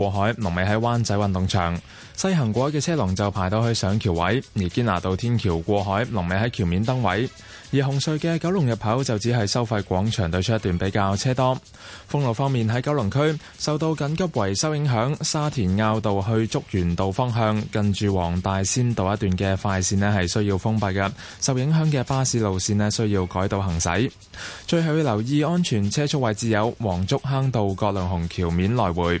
過海龍尾喺灣仔運動場，西行過海嘅車龍就排到去上橋位。而堅拿道天橋過海，龍尾喺橋面燈位。而紅隧嘅九龍入口就只係收費廣場對出一段比較車多。封路方面喺九龍區，受到緊急維修影響，沙田坳道去竹園道方向近住黃大仙道一段嘅快線咧係需要封閉嘅，受影響嘅巴士路線咧需要改道行駛。最後要留意安全車速位置有黃竹坑道、葛量洪橋面來回。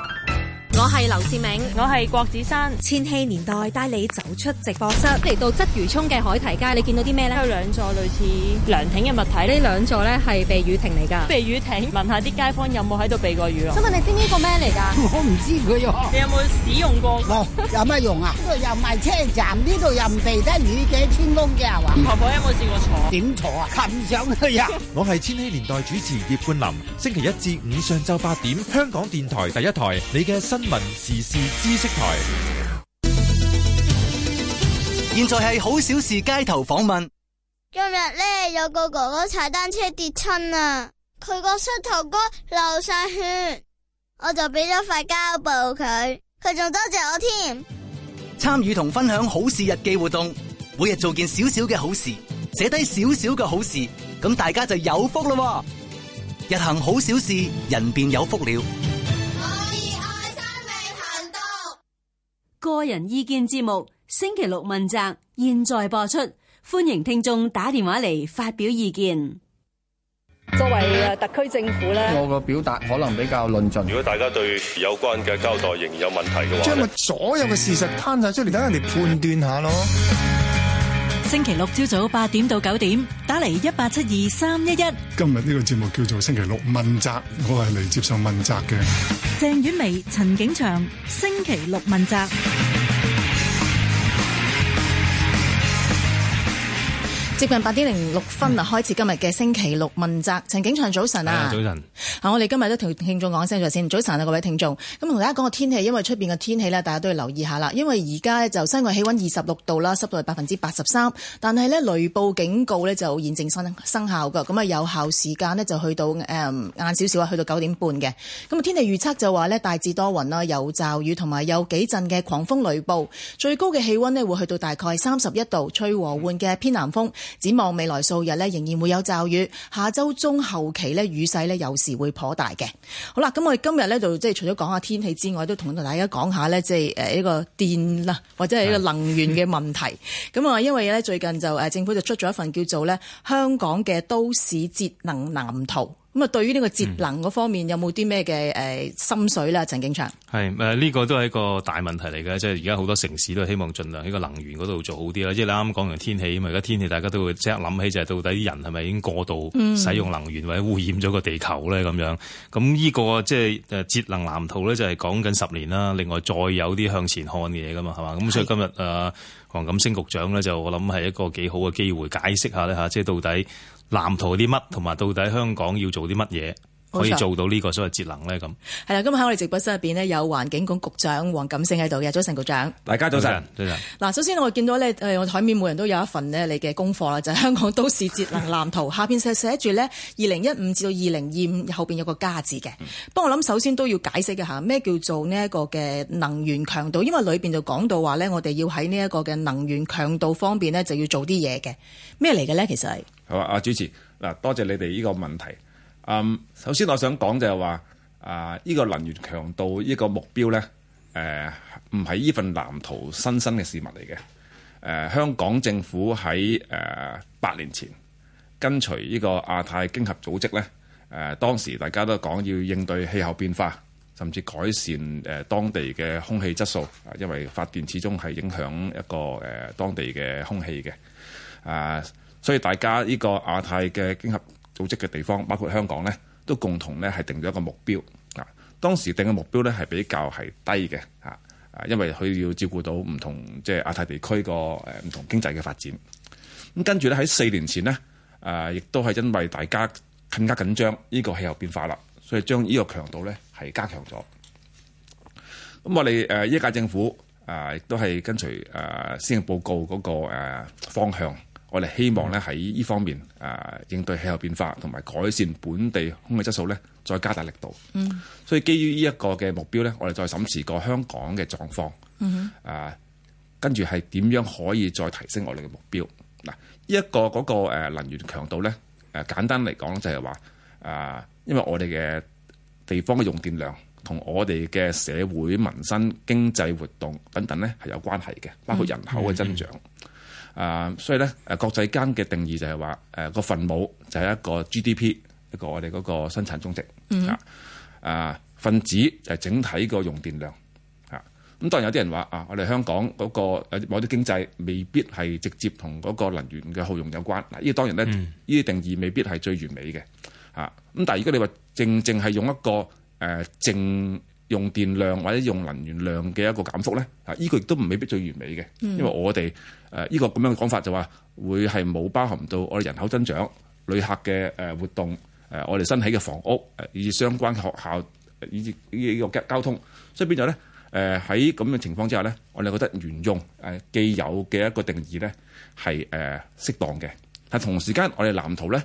我係劉志明，我係郭子山，千禧年代帶你走出直播室，嚟到鰂魚涌嘅海堤街，你見到啲咩咧？有兩座類似涼亭嘅物體，呢兩座咧係避雨亭嚟噶。避雨亭，問下啲街坊有冇喺度避過雨啊？想問你知唔知個咩嚟噶？我唔知佢喎。你有冇使用過？冇、哦。有乜用啊？呢度 又唔係車站，呢度又唔避得雨嘅，啊，天公嘅係嘛？婆婆有冇試過坐？點坐啊？擒上去啊！ 我係千禧年代主持葉冠霖，星期一至五上晝八點，香港電台第一台，你嘅新。新聞時事知識台，現在係好小事街頭訪問。今日咧有個哥哥踩單車跌親啦，佢個膝頭哥流晒血，我就俾咗塊膠布佢，佢仲多謝我添。參與同分享好事日記活動，每日做件小小嘅好事，寫低少少嘅好事，咁大家就有福啦。日行好小事，人便有福了。個人意見節目星期六問責，現在播出，歡迎聽眾打電話嚟發表意見。作為特區政府呢，我個表達可能比較論盡。如果大家對有關嘅交代仍然有問題嘅話，將個所有嘅事實攤晒出嚟，等人哋判斷下咯。星期六朝早八點到九點，打嚟一八七二三一一。今日呢個節目叫做星期六問責，我係嚟接受問責嘅。鄭婉薇、陳景祥，星期六問責。接近八點零六分啊，嗯、開始今日嘅星期六問責。陳景祥早晨啊，早晨。啊、嗯，我哋今日都同聽眾講聲在先，早晨啊各位聽眾。咁同大家講個天氣，因為出面嘅天氣呢，大家都要留意下啦。因為而家就室外氣温二十六度啦，濕度係百分之八十三。但係呢雷暴警告呢就現正生生效㗎。咁啊有效時間呢，就去到誒晏少少啊，去到九點半嘅。咁啊天氣預測就話呢，大致多雲啦，有驟雨同埋有幾陣嘅狂風雷暴，最高嘅氣温呢，會去到大概三十一度，吹和緩嘅偏南風。展望未來數日呢，仍然會有驟雨。下周中後期呢，雨勢呢有時會頗大嘅。好啦，咁我哋今日呢，就即係除咗講下天氣之外，都同大家講下呢，即係誒呢個電啦，或者係呢個能源嘅問題。咁啊、嗯，因為呢，最近就誒政府就出咗一份叫做呢香港嘅都市節能藍圖。咁啊，對於呢個節能嗰方面，嗯、有冇啲咩嘅誒心水啦？陳景祥，係，誒，呢個都係一個大問題嚟嘅，即係而家好多城市都希望盡量喺個能源嗰度做好啲啦。即、就、係、是、你啱啱講完天氣咁啊，而家天氣大家都會即刻諗起就係到底啲人係咪已經過度使用能源、嗯、或者污染咗個地球咧？咁樣咁呢、呢個即係誒節能藍圖咧，就係講緊十年啦。另外再有啲向前看嘅嘢噶嘛，係嘛？咁是所以今日誒、呃、黃錦星局長咧，就我諗係一個幾好嘅機會，解釋下咧嚇，即係到底。藍圖啲乜，同埋到底香港要做啲乜嘢可以做到呢個所謂節能咧？咁係啦，今日喺我哋直播室入邊呢，錯樣有環境局局長黃錦星喺度嘅，早晨局長，大家早晨，早晨嗱謝。上首先我見到咧，誒，我台面每人都有一份呢，你嘅功課啦，就係、是、香港都市節能藍圖 下邊寫住呢：「二零一五至到二零二五後邊有個加字嘅。不過 我諗，首先都要解釋嘅下咩叫做呢一個嘅能源強度？因為裏邊就講到話呢，我哋要喺呢一個嘅能源強度方面呢，就要做啲嘢嘅咩嚟嘅呢？其實。係嘛？啊，主持嗱，多謝你哋呢個問題。嗯，首先我想講就係話，啊、呃，依、這個能源強度呢個目標呢，誒、呃，唔係呢份藍圖新生嘅事物嚟嘅。誒、呃，香港政府喺誒八年前跟隨呢個亞太經合組織呢，誒、呃，當時大家都講要應對氣候變化，甚至改善誒、呃、當地嘅空氣質素啊，因為發電始終係影響一個誒、呃、當地嘅空氣嘅啊。呃所以大家呢個亞太嘅經合組織嘅地方，包括香港呢，都共同呢係定咗一個目標啊。當時定嘅目標呢係比較係低嘅啊，因為佢要照顧到唔同即係亞太地區個誒唔同經濟嘅發展。咁跟住咧喺四年前呢，誒亦都係因為大家更加緊張呢個氣候變化啦，所以將呢個強度呢係加強咗。咁我哋誒一屆政府啊，亦都係跟隨誒先行報告嗰個誒方向。我哋希望咧喺呢方面誒應對氣候變化同埋改善本地空氣質素咧，再加大力度。嗯，所以基於呢一個嘅目標咧，我哋再審視過香港嘅狀況。嗯哼，誒跟住係點樣可以再提升我哋嘅目標？嗱，呢一個嗰個能源強度咧，誒簡單嚟講就係話誒，因為我哋嘅地方嘅用電量同我哋嘅社會民生經濟活動等等咧係有關係嘅，包括人口嘅增長。嗯嗯啊，所以咧，誒、啊、國際間嘅定義就係話，誒、啊、個份母就係一個 GDP，一個我哋嗰個生產總值、嗯、啊，啊份子就係整體個用電量啊。咁當然有啲人話啊，我哋香港嗰個某啲經濟未必係直接同嗰個能源嘅耗用有關。嗱，呢啲當然咧，呢啲、嗯、定義未必係最完美嘅啊。咁但係如果你話正正係用一個誒淨、啊、用電量或者用能源量嘅一個減幅咧，啊，呢、呢個亦都唔未必最完美嘅，因為我哋，嗯誒，依個咁樣嘅講法就話會係冇包含到我哋人口增長、旅客嘅誒活動、誒我哋新起嘅房屋、以至相關嘅學校、以至呢個交通，所以變咗咧，誒喺咁嘅情況之下咧，我哋覺得沿用誒既有嘅一個定義咧係誒適當嘅，但同時間我哋藍圖咧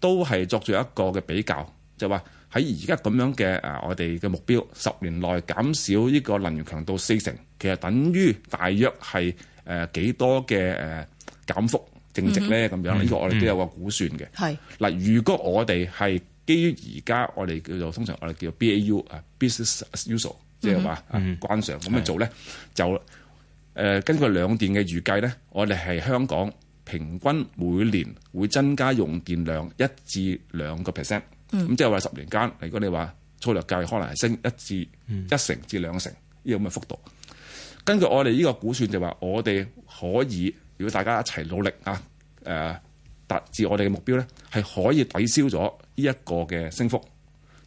都係作咗一個嘅比較，就話喺而家咁樣嘅啊、呃，我哋嘅目標十年內減少呢個能源強度四成，其實等於大約係。誒幾、呃、多嘅誒、呃、減幅正值咧咁、mm hmm. 樣呢、呢個我哋都有個估算嘅。係嗱、mm，hmm. 如果我哋係基於而家我哋叫做通常我哋叫 BAU 啊、mm hmm. business as usual，即係話慣常咁樣做咧，mm hmm. 就、呃、根據兩電嘅預計咧，我哋係香港平均每年會增加用電量一至兩個 percent。咁即係話十年間，如果你話粗略計，可能係升一至一成至兩成呢個咁嘅幅度。根據我哋呢個估算，就話我哋可以，如果大家一齊努力啊，誒達至我哋嘅目標咧，係可以抵消咗呢一個嘅升幅，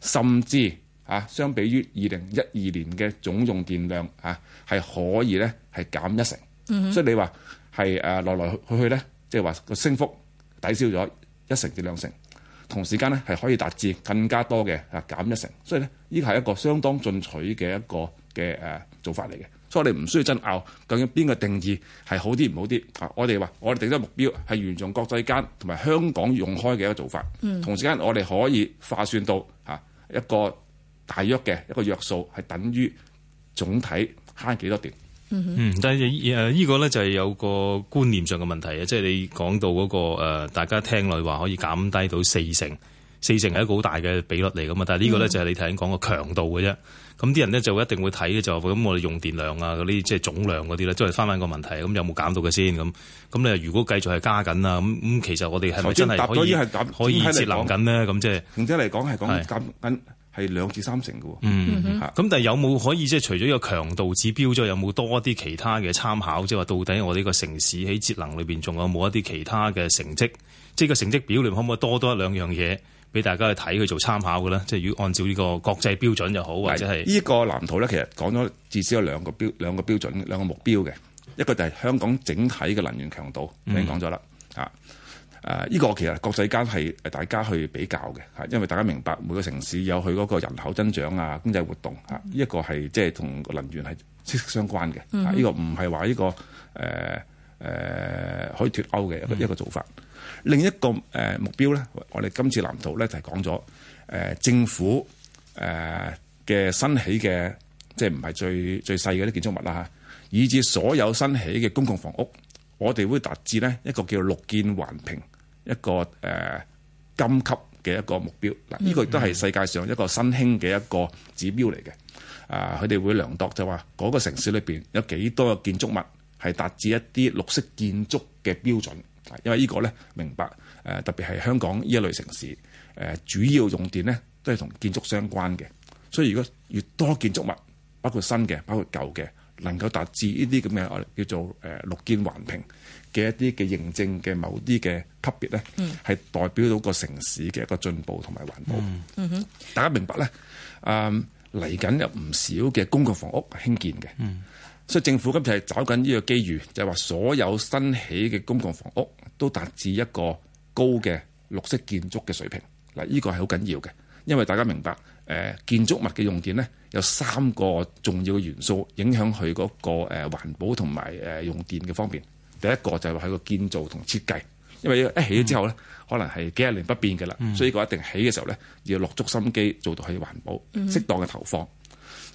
甚至啊，相比於二零一二年嘅總用電量啊，係可以咧係減一成。嗯哼，所以你話係誒來來去去咧，即係話個升幅抵消咗一成至兩成，同時間咧係可以達至更加多嘅啊減一成。所以咧，呢個係一個相當進取嘅一個嘅誒做法嚟嘅。所以我哋唔需要爭拗究竟邊個定義係好啲唔好啲，我哋話我哋定咗目標係沿用國際間同埋香港用開嘅一個做法，嗯、同時間我哋可以化算到吓一個大約嘅一個約數係等於總體慳幾多點嗯，但係誒呢個咧就係有個觀念上嘅問題啊，即係你講到嗰個誒，大家聽來話可以減低到四成。四成係一個好大嘅比率嚟噶嘛，但係呢個咧就係你頭先講個強度嘅啫。咁啲、嗯、人咧就一定會睇嘅。就咁我哋用電量啊嗰啲，即係總量嗰啲咧，即係翻返個問題，咁有冇減到嘅先？咁咁你如果繼續係加緊啊，咁咁其實我哋係咪真係可以可以節能緊呢？咁即係總之嚟講係講減緊係兩至三成嘅。嗯，咁但係有冇可以即係除咗呢個強度指標之外，有冇多啲其他嘅參考？即係話到底我哋個城市喺節能裏邊仲有冇一啲其他嘅成績？即、就、係、是、個成績表裏面可唔可以多多一兩樣嘢？俾大家去睇去做參考嘅啦。即係如果按照呢個國際標準又好，或者係呢、呢個藍圖咧，其實講咗至少有兩個標兩個標準兩個目標嘅，一個就係香港整體嘅能源強度，已經講咗啦，嗯、啊，誒、這、呢個其實國際間係誒大家去比較嘅，嚇，因為大家明白每個城市有佢嗰個人口增長啊、經濟活動呢一、啊呢個係即係同能源係息息相關嘅，呢、嗯哼啊呢個唔係話呢個誒。呃誒可以脫鉤嘅一個做法，另一個誒目標咧，我哋今次藍圖咧就係講咗誒政府誒嘅新起嘅，即係唔係最最細嗰啲建築物啦，以至所有新起嘅公共房屋，我哋會達至咧一個叫綠建環評一個誒金級嘅一個目標。嗱，呢個亦都係世界上一個新興嘅一個指標嚟嘅。啊，佢哋會量度就話嗰個城市裏邊有幾多嘅建築物。係達至一啲綠色建築嘅標準，因為這個呢個咧明白，誒、呃、特別係香港呢一類城市，誒、呃、主要用電呢，都係同建築相關嘅，所以如果越多建築物，包括新嘅，包括舊嘅，能夠達至呢啲咁嘅叫做誒綠建環評嘅一啲嘅認證嘅某啲嘅級別咧，係、嗯、代表到個城市嘅一個進步同埋環保。哼、嗯，大家明白咧？誒嚟緊有唔少嘅公共房屋是興建嘅。嗯。所以政府今次係找緊呢個機遇，就係、是、話所有新起嘅公共房屋都達至一個高嘅綠色建築嘅水平。嗱，呢個係好緊要嘅，因為大家明白，誒、呃、建築物嘅用電呢，有三個重要嘅元素影響佢嗰個誒環保同埋誒用電嘅方面。第一個就係喺個建造同設計，因為一起咗之後呢，嗯、可能係幾十年不變嘅啦，嗯、所以呢個一定起嘅時候呢，要落足心機做到佢環保、適當嘅投放。嗯、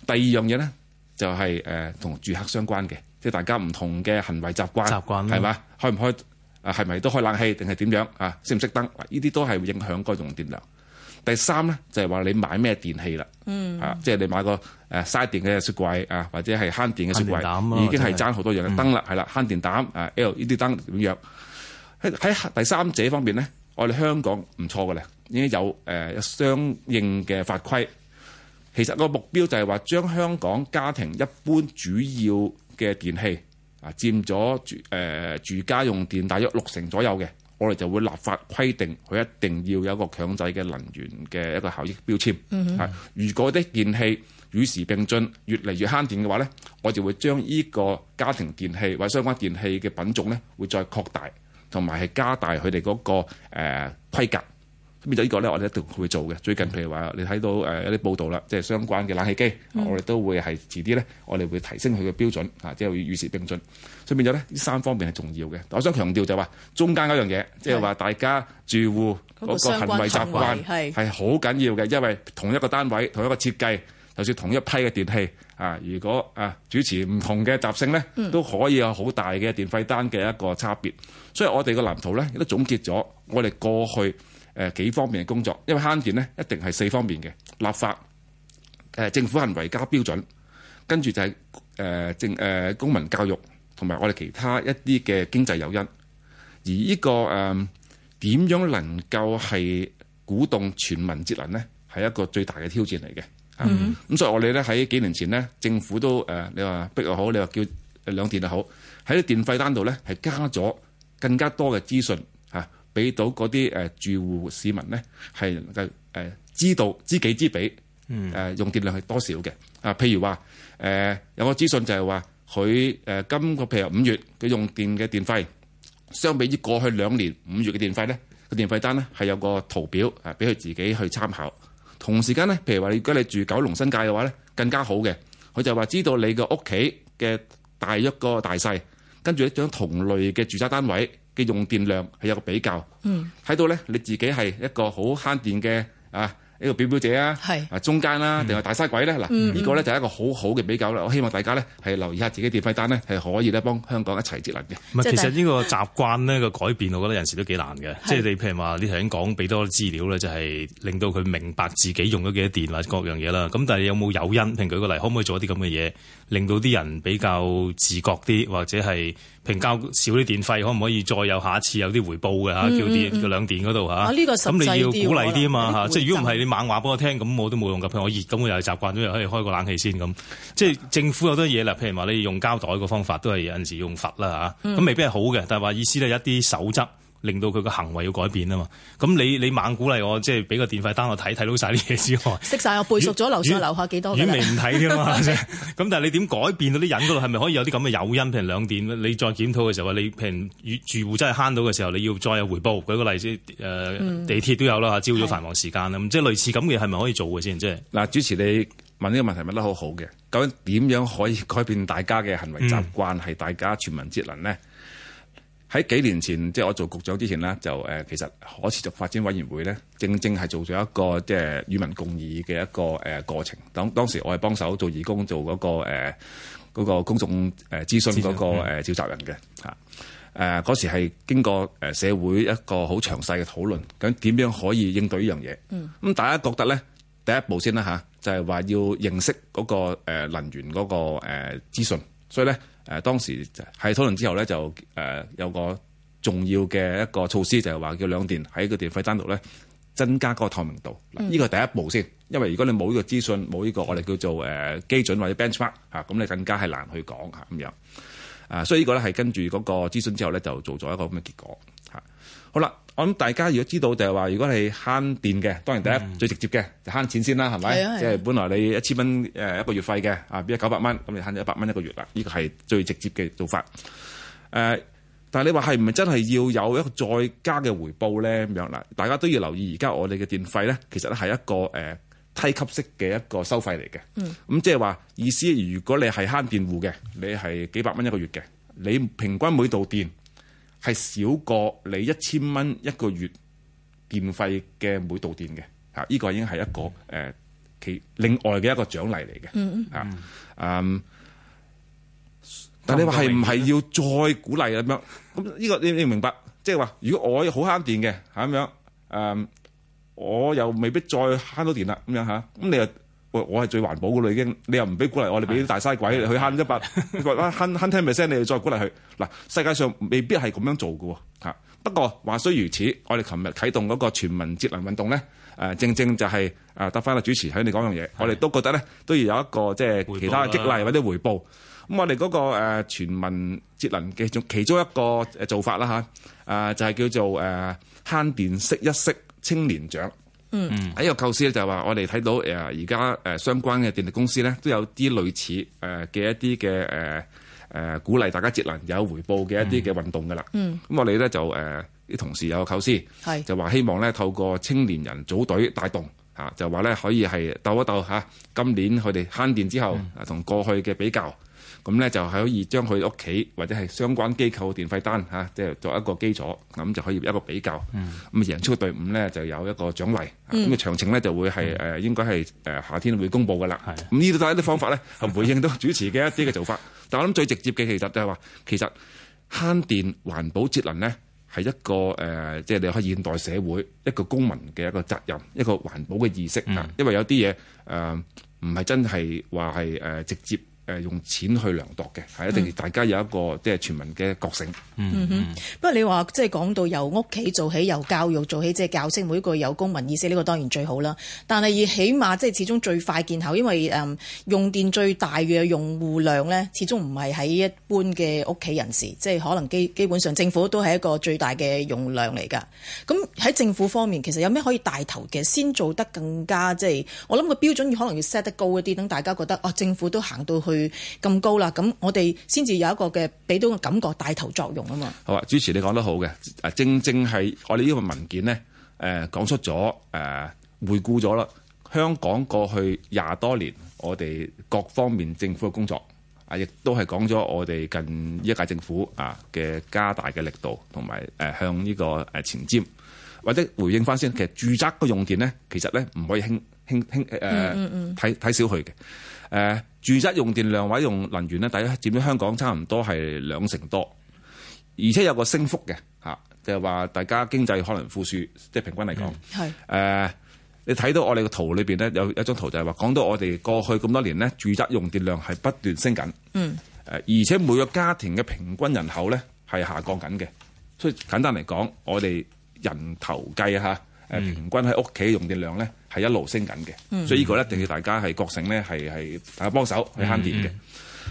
第二樣嘢呢。就係誒同住客相關嘅，即係大家唔同嘅行為習慣，係嘛？開唔開？係咪都開冷氣定係點樣？啊，熄唔熄燈？呢啲都係會影響個用電量。第三咧就係、是、話你買咩電器啦，嗯啊、就是，啊，即係你買個誒嘥電嘅雪櫃啊，或者係慳電嘅雪櫃，已經係爭好多樣嘅、嗯、燈啦，係啦，慳電膽啊，LED 呢啲燈點樣？喺喺第三者方面咧，我哋香港唔錯嘅喇，已經有誒、呃、相應嘅法規。其實個目標就係話將香港家庭一般主要嘅電器啊，佔咗住住家用電大約六成左右嘅，我哋就會立法規定佢一定要有一個強制嘅能源嘅一個效益標籤嗯哼。係，如果啲電器與時並進，越嚟越慳電嘅話呢我就會將呢個家庭電器或者相關電器嘅品種咧，會再擴大，同埋係加大佢哋嗰個、呃、規格。變咗呢個咧，我哋一定會做嘅。最近譬如話，你睇到一啲報道啦，即係相關嘅冷氣機，嗯、我哋都會係遲啲咧，我哋會提升佢嘅標準啊，即係與時並進。所以變咗咧，呢三方面係重要嘅。我想強調就話，中間嗰樣嘢，即係話大家住戶嗰個行為習慣係好緊要嘅，因為同一個單位、同一個設計，就算同一批嘅電器啊，如果啊主持唔同嘅習性咧，都可以有好大嘅電費單嘅一個差別。所以我哋個藍圖咧，亦都總結咗我哋過去。誒幾方面嘅工作，因為慳電咧一定係四方面嘅立法，政府行為加標準，跟住就係誒政公民教育，同埋我哋其他一啲嘅經濟誘因。而呢、這個誒點、呃、樣能夠係鼓動全民節能咧，係一個最大嘅挑戰嚟嘅。咁、mm hmm. 啊、所以我哋咧，喺幾年前咧，政府都誒、呃、你話逼又好，你話叫兩電就好，喺啲電費單度咧係加咗更加多嘅資訊。俾到嗰啲誒住戶市民咧係就誒知道知己知彼，誒用電量係多少嘅啊？嗯、譬如話誒有個資訊就係話佢誒今個譬如五月佢用電嘅電費，相比於過去兩年五月嘅電費咧，個電費單咧係有個圖表啊俾佢自己去參考。同時間咧，譬如話如果你住九龍新界嘅話咧，更加好嘅，佢就話知道你個屋企嘅大約個大細，跟住一張同類嘅住宅單位。嘅用電量係有個比較，睇到咧你自己係一個好慳電嘅啊呢個表表者啊，啊中間啦，定係大嘥鬼咧？嗱，呢個咧就係一個好好嘅比較啦。我希望大家咧係留意下自己電費單咧，係可以咧幫香港一齊節能嘅。唔係，其實呢個習慣咧個改變，我覺得有時都幾難嘅。即係你譬如話你頭先講俾多資料咧，就係令到佢明白自己用咗幾多電或者各樣嘢啦。咁但係有冇誘因？譬如舉個例，可唔可以做一啲咁嘅嘢，令到啲人比較自覺啲，或者係？平交少啲電費，可唔可以再有下一次有啲回報嘅？叫啲，嗯嗯、叫兩電嗰度嚇。咁、啊這個、你要鼓勵啲啊嘛，即係如果唔係你猛話俾我聽，咁我都冇用噶。譬如我熱，咁我又係習慣咗，又可以開個冷氣先咁。即係、嗯、政府有多嘢啦，譬如話你用膠袋個方法，都係有陣時用罰啦嚇。咁、啊、未必係好嘅，但係話意思咧，一啲守則。令到佢個行為要改變啊嘛！咁你你猛鼓勵我，即係俾個電費單我睇，睇到晒啲嘢之外，識晒我背熟咗樓上樓下幾多。雨眉唔睇㗎嘛，咁 但係你點改變到啲人嗰度？係咪可以有啲咁嘅誘因？譬如兩點，你再檢討嘅時候，你譬如住戶真係慳到嘅時候，你要再有回報。舉個例子，誒、呃嗯、地鐵都有啦，朝早繁忙時間啦，是即係類似咁嘅係咪可以做嘅先？即係嗱，主持你問呢個問題問得好好嘅，究竟點樣可以改變大家嘅行為習慣，係、嗯、大家全民節能呢？喺幾年前，即係我做局長之前呢，就其實可持續發展委員會咧，正正係做咗一個即係與民共議嘅一個誒過程。當當時我係幫手做義工，做嗰個、嗰個誒、嗰個、公眾誒諮詢嗰個召集人嘅嚇。誒嗰、嗯啊、時係經過社會一個好詳細嘅討論，咁點樣可以應對呢樣嘢？嗯，咁大家覺得咧，第一步先啦就係、係、話要認識嗰個能源嗰個誒資訊。所以咧，誒、呃、當時喺討論之後咧，就誒、呃、有個重要嘅一個措施，就係、是、話叫兩電喺個電費單度咧增加嗰個透明度。嗱、嗯，呢個第一步先，因為如果你冇呢個資訊，冇呢個我哋叫做基準或者 bench mark 咁、啊、你更加係難去講咁樣。啊，所以呢個咧係跟住嗰個諮詢之後咧，就做咗一個咁嘅結果、啊、好啦。我諗大家如果知道就係話，如果係慳電嘅，當然第一、嗯、最直接嘅就慳錢先啦，係咪？即係本來你一千蚊誒一個月費嘅，啊變咗九百蚊，咁你慳咗一百蚊一個月啦，呢個係最直接嘅做法。誒、呃，但係你話係唔係真係要有一個再加嘅回報咧？咁樣嗱，大家都要留意而家我哋嘅電費咧，其實咧係一個誒梯、呃、級式嘅一個收費嚟嘅。咁即係話意思，如果你係慳電戶嘅，你係幾百蚊一個月嘅，你平均每度電，係係少過你一千蚊一個月電費嘅每度電嘅，嚇！呢個已經係一個誒、呃、其另外嘅一個獎勵嚟嘅，嚇、嗯！誒、嗯嗯，但你話係唔係要再鼓勵呀咁、嗯、樣？咁呢個你你明白？即係話如果我好慳電嘅嚇咁樣，誒，我又未必再慳到電啦，咁樣嚇，咁你又？我我係最環保嘅啦，已經你又唔俾鼓勵我哋。俾啲大嘥鬼的你去慳一百慳的 慳聽 percent 你再鼓勵佢嗱，世界上未必係咁樣做嘅嚇。不過話雖如此，我哋琴日啟動嗰個全民節能運動咧，誒正正就係誒答翻個主持喺你講樣嘢，我哋都覺得咧都要有一個即係其他嘅激勵或者回報。咁的我哋嗰個全民節能嘅其，其中一個誒做法啦嚇，誒、啊、就係、是、叫做誒慳、啊、電識一識青年獎。喺、嗯、個構思咧就係話，我哋睇到誒而家誒相關嘅電力公司咧都有啲類似誒嘅一啲嘅誒誒鼓勵大家節能有回報嘅一啲嘅運動噶啦、嗯。咁、嗯、我哋咧就誒啲同事有個構思，就話希望咧透過青年人組隊帶動嚇就話咧可以係鬥一鬥嚇，今年佢哋慳電之後同過去嘅比較。咁呢就係可以將佢屋企或者係相關機構嘅電費單即係作一個基礎，咁就可以一個比較。咁、嗯、贏出隊伍呢，就有一個獎勵。咁嘅、嗯、詳情呢，就會係誒、嗯、應該係夏天會公布噶啦。咁呢度都係一啲方法咧，係回應到主持嘅一啲嘅做法。 但係我諗最直接嘅其實就係話，其實慳電環保節能呢，係一個即係、呃就是、你可以現代社會一個公民嘅一個責任，一個環保嘅意識。嗯、因為有啲嘢唔係真係話係直接。用錢去量度嘅，一定大家有一個即係、嗯、全民嘅覺醒。嗯哼、嗯，不過你話即係講到由屋企做起，由教育做起，即係教識每一個有公民意識呢、呢個當然最好啦。但係而起碼即係始終最快見效，因為誒、嗯、用電最大嘅用戶量呢，始終唔係喺一般嘅屋企人士，即係可能基基本上政府都係一個最大嘅用量嚟㗎。咁喺政府方面，其實有咩可以帶頭嘅？先做得更加即係我諗個標準可能要 set 得高一啲，等大家覺得哦、啊，政府都行到去。咁高啦，咁我哋先至有一個嘅，俾到個感覺帶頭作用啊嘛。好啊，主持你講得好嘅，正正係我哋呢份文件呢，誒，講出咗誒，回顧咗啦，香港過去廿多年我哋各方面政府嘅工作啊，亦都係講咗我哋近一屆政府啊嘅加大嘅力度，同埋誒向呢個誒前瞻。或者回應翻先，其實住宅個用電呢，其實呢唔可以輕輕輕誒睇睇少去嘅誒。呃住宅用電量或用能源咧，第一佔咗香港差唔多係兩成多，而且有一個升幅嘅嚇，就係話大家經濟可能富庶，即係平均嚟講係誒，你睇到我哋個圖裏邊咧有一張圖，就係話講到我哋過去咁多年咧，住宅用電量係不斷升緊，嗯誒，而且每個家庭嘅平均人口咧係下降緊嘅，所以簡單嚟講，我哋人頭計嚇誒平均喺屋企用電量咧，係一路升緊嘅，所以呢個一定要大家係覺醒咧，係係、嗯嗯、啊幫手去慳電嘅。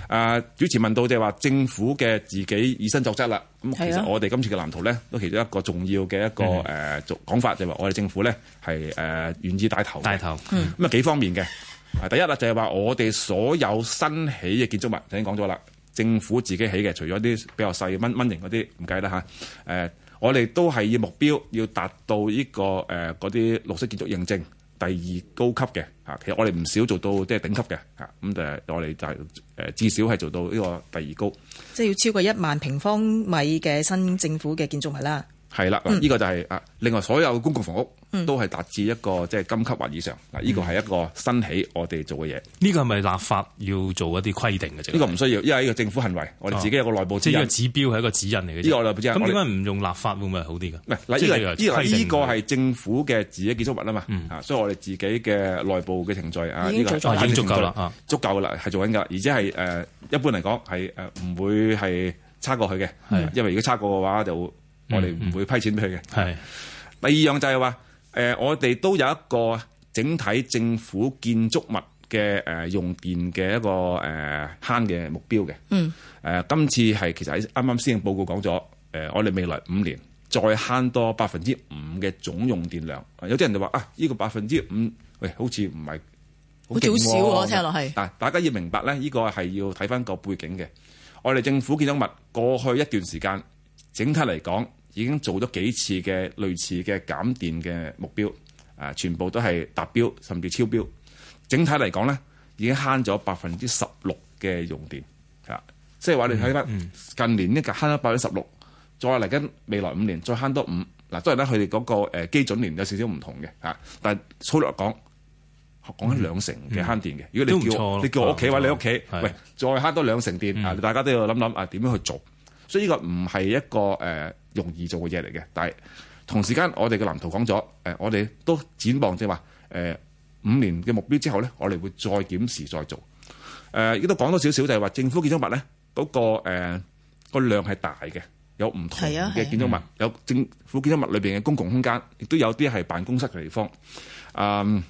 啊主持問到就係話政府嘅自己以身作則啦。咁其實我哋今次嘅藍圖咧，都其中一個重要嘅一個誒講法就係話我哋政府咧係誒願意帶頭嘅。帶頭咁啊、嗯嗯、幾方面嘅啊第一啊就係話我哋所有新起嘅建築物，頭先講咗啦，政府自己起嘅，除咗啲比較細的蚊，蚊蚊型嗰啲唔計啦嚇誒，我哋都係要目標要達到呢、呢個誒嗰啲綠色建築認證。第二高級嘅嚇，其實我哋唔少做到即係頂級嘅嚇，咁誒我哋就誒至少係做到呢個第二高，即係要超過一萬平方米嘅新政府嘅建築物啦。係啦，呢個就係啊，另外所有公共房屋都係達至一個即係金級或以上嗱，依個係一個新起我哋做嘅嘢。呢個係咪立法要做一啲規定嘅啫？呢個唔需要，因為呢個政府行為，我哋自己有個內部。即係呢個指標係一個指引嚟嘅。呢個我就咁點解唔用立法會咪好啲嘅？唔係，依個依個係政府嘅自己建築物啊嘛，所以我哋自己嘅內部嘅程序啊，已經足夠啦，足夠啦，係做緊㗎，而且係誒一般嚟講係誒唔會係差過去嘅，因為如果差過嘅話就。我哋唔會批錢俾佢嘅。係。第二樣就係話，誒、呃、我哋都有一個整體政府建築物嘅誒、呃、用電嘅一個誒慳嘅目標嘅。嗯。誒、呃、今次係其實喺啱啱先報告講咗，誒、呃、我哋未來五年再慳多百分之五嘅總用電量。有啲人就話啊，呢個百分之五，喂，好似唔係好少喎，聽落係。但大家要明白咧，呢個係要睇翻個背景嘅。我哋政府建築物過去一段時間整體嚟講。已經做咗幾次嘅類似嘅減電嘅目標，誒，全部都係達標，甚至超標。整體嚟講咧，已經慳咗百分之十六嘅用電，嚇、嗯，即係話你睇返、嗯、近年，了年呢，咧慳咗百分之十六，再嚟緊未來五年再慳多五，嗱，都係咧佢哋嗰個誒基準年有少少唔同嘅嚇，但係粗略講講緊兩成嘅慳電嘅。嗯嗯、如果你叫你叫我屋企、哦、或者你屋企，是喂，再慳多兩成電啊！嗯、大家都要諗諗啊，點樣去做？所以呢個唔係一個誒。呃容易做嘅嘢嚟嘅，但係同時間我哋嘅藍圖講咗，誒、呃、我哋都展望即係話，誒、呃、五年嘅目標之後咧，我哋會再檢視再做。誒、呃、亦都講多少少就係話，政府建築物咧嗰個誒、呃、量係大嘅，有唔同嘅建築物，有政府建築物裏邊嘅公共空間，亦都有啲係辦公室嘅地方。嗯，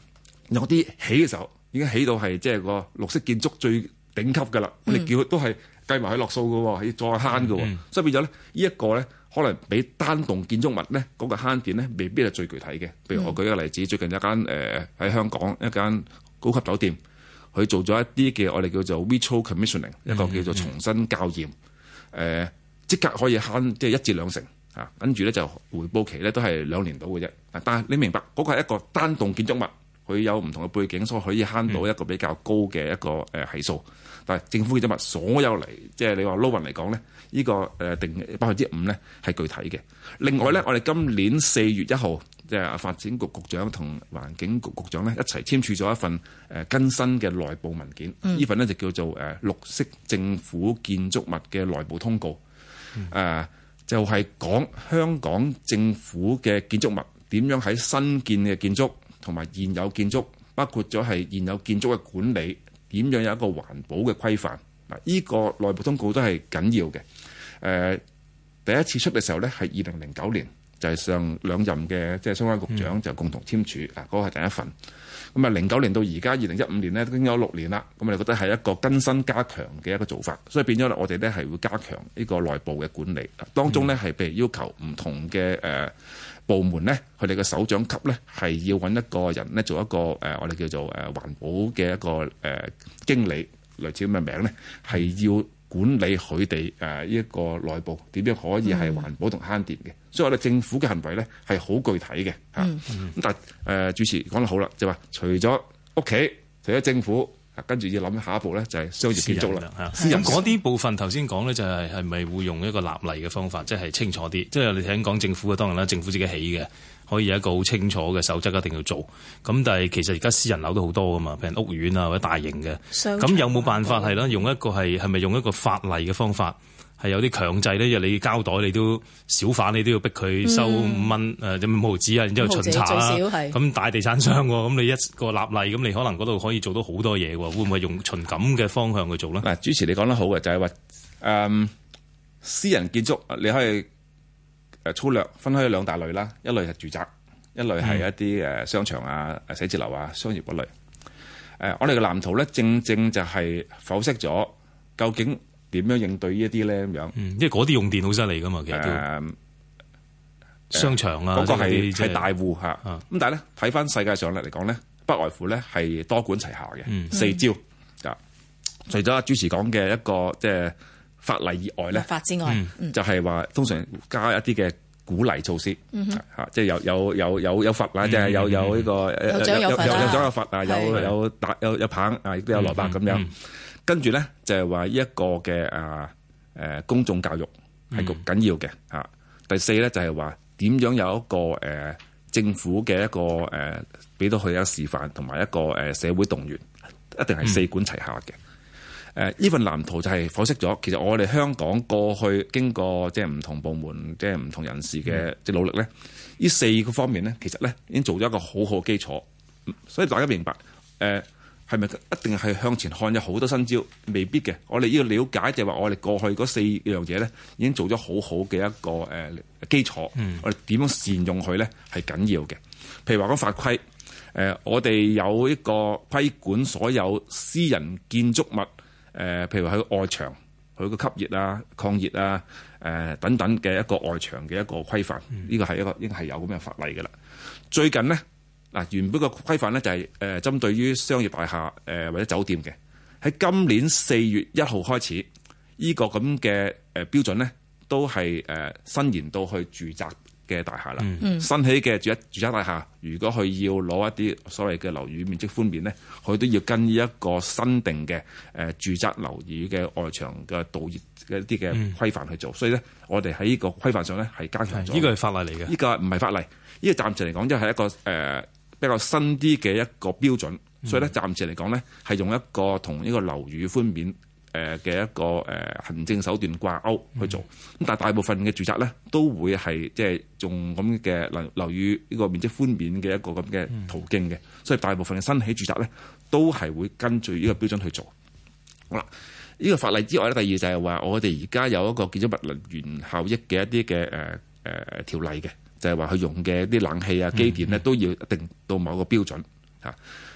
有啲起嘅時候已經起到係即係個綠色建築最頂級㗎喇，嗯、我哋叫佢都係計埋喺落數㗎喎，要再慳㗎喎，嗯、所以變咗咧呢一個咧。可能比單棟建築物咧嗰個慳點咧，未必係最具體嘅。譬如我舉一個例子，最近有一間誒喺香港一間高級酒店，佢做咗一啲嘅我哋叫做 retrocommissioning，一個叫做重新校驗，誒即刻可以慳即係一至兩成啊，跟住咧就回報期咧都係兩年到嘅啫。但係你明白嗰個係一個單棟建築物。佢有唔同嘅背景，所以可以慳到一個比較高嘅一個誒係數。嗯、但係政府建築物所有嚟，即係你話撈勻嚟講咧，呢個誒定百分之五咧係具體嘅。嗯、另外咧，我哋今年四月一號，即係發展局局長同環境局局長咧一齊簽署咗一份誒更新嘅內部文件。呢、嗯、份咧就叫做誒綠色政府建築物嘅內部通告。誒、嗯呃，就係講香港政府嘅建築物點樣喺新建嘅建築。同埋現有建築，包括咗係現有建築嘅管理，點樣有一個環保嘅規範。嗱，呢個內部通告都係緊要嘅、呃。第一次出嘅時候呢，係二零零九年，就係、是、上兩任嘅即係相關局長就共同簽署，嗰、嗯、個係第一份。咁、嗯、啊，零九年到而家二零一五年呢，已經有六年啦。咁我哋覺得係一個更新加強嘅一個做法，所以變咗我哋呢係會加強呢個內部嘅管理。當中呢，係譬如要求唔同嘅誒。呃部門咧，佢哋嘅首長級咧，係要搵一個人咧，做一個誒，我哋叫做誒環保嘅一個誒經理，類似咁嘅名咧，係要管理佢哋呢一個內部點樣可以係環保同慳電嘅。所以我哋政府嘅行為咧係好具體嘅嚇。咁但誒、呃、主持講得好啦，就話除咗屋企，除咗政府。跟住要諗下一步咧，就係商業建築啦。咁嗰啲部分頭先講咧，就係係咪會用一個立例嘅方法，即係清楚啲。即係你聽講政府嘅，當然啦，政府自己起嘅，可以有一個好清楚嘅守則，一定要做。咁但係其實而家私人樓都好多噶嘛，譬如屋苑啊或者大型嘅，咁有冇辦法係啦，用一個係係咪用一個法例嘅方法？係有啲強制咧，即係你膠袋你都小販你都要逼佢收五蚊，誒點、嗯呃、五毫紙啊！然之後巡查啦，咁大地產商喎，咁 你一個立例，咁你可能嗰度可以做到好多嘢喎。會唔會用循咁嘅方向去做咧？嗱，主持你講得好嘅，就係話誒私人建築你可以粗略分開兩大類啦，一類係住宅，一類係一啲商場、嗯、啊、寫字樓啊、商業嗰類。啊、我哋嘅藍圖咧，正正就係剖析咗究竟，點樣應對呢一啲咧咁樣？嗯，因為嗰啲用電好犀利噶嘛，其實商場啊，嗰個係係大戶嚇。咁但係咧，睇翻世界上咧嚟講咧，不外乎咧係多管齊下嘅四招。啊，除咗主持講嘅一個即係法例以外咧，法之外就係話通常加一啲嘅鼓勵措施嚇，即係有有有有有罰款，即係有有呢個有有獎有罰啊，有有打有有棒啊，亦都有蘿蔔咁樣。跟住咧就係話呢一個嘅、呃、公眾教育係咁緊要嘅、嗯、第四咧就係話點樣有一個、呃、政府嘅一個誒俾到佢一個示範同埋一個，一個、呃、社會動員一定係四管齊下嘅，誒呢份藍圖就係剖析咗其實我哋香港過去經過即係唔同部門即係唔同人士嘅即係努力咧呢、嗯、四個方面咧其實咧已經做咗一個好好嘅基礎，所以大家明白誒。呃係咪一定係向前看咗好多新招？未必嘅，我哋要了解就係話我哋過去嗰四樣嘢咧，已經做咗好好嘅一個誒基礎。嗯、我哋點樣善用佢咧，係緊要嘅。譬如話個法規，誒我哋有一個規管所有私人建築物，誒譬如話喺外牆、佢個吸熱啊、抗熱啊、誒等等嘅一個外牆嘅一個規範，呢個係一個應該係有咁嘅法例㗎啦。最近呢。嗱，原本個規範咧就係誒針對於商業大廈誒或者酒店嘅，喺今年四月一號開始，呢個咁嘅誒標準咧，都係誒伸延到去住宅嘅大廈啦。新起嘅住一住宅大廈，如果佢要攞一啲所謂嘅樓宇面積寬免咧，佢都要跟呢一個新定嘅誒住宅樓宇嘅外牆嘅導熱嘅一啲嘅規範去做。所以咧，我哋喺呢個規範上咧係加強咗。呢個係法例嚟嘅，呢個唔係法例，呢、呢個暫時嚟講即係一個誒、呃。比較新啲嘅一個標準，所以咧暫時嚟講咧係用一個同呢個樓宇寬免誒嘅一個誒行政手段掛鈎去做，咁但係大部分嘅住宅咧都會係即係用咁嘅樓樓宇呢個面積寬免嘅一個咁嘅途徑嘅，所以大部分嘅新起住宅咧都係會根據呢個標準去做。好啦，呢個法例之外咧，第二就係話我哋而家有一個建築物能源效益嘅一啲嘅誒誒條例嘅。就係話佢用嘅啲冷氣啊、機件咧，都要定到某個標準嚇。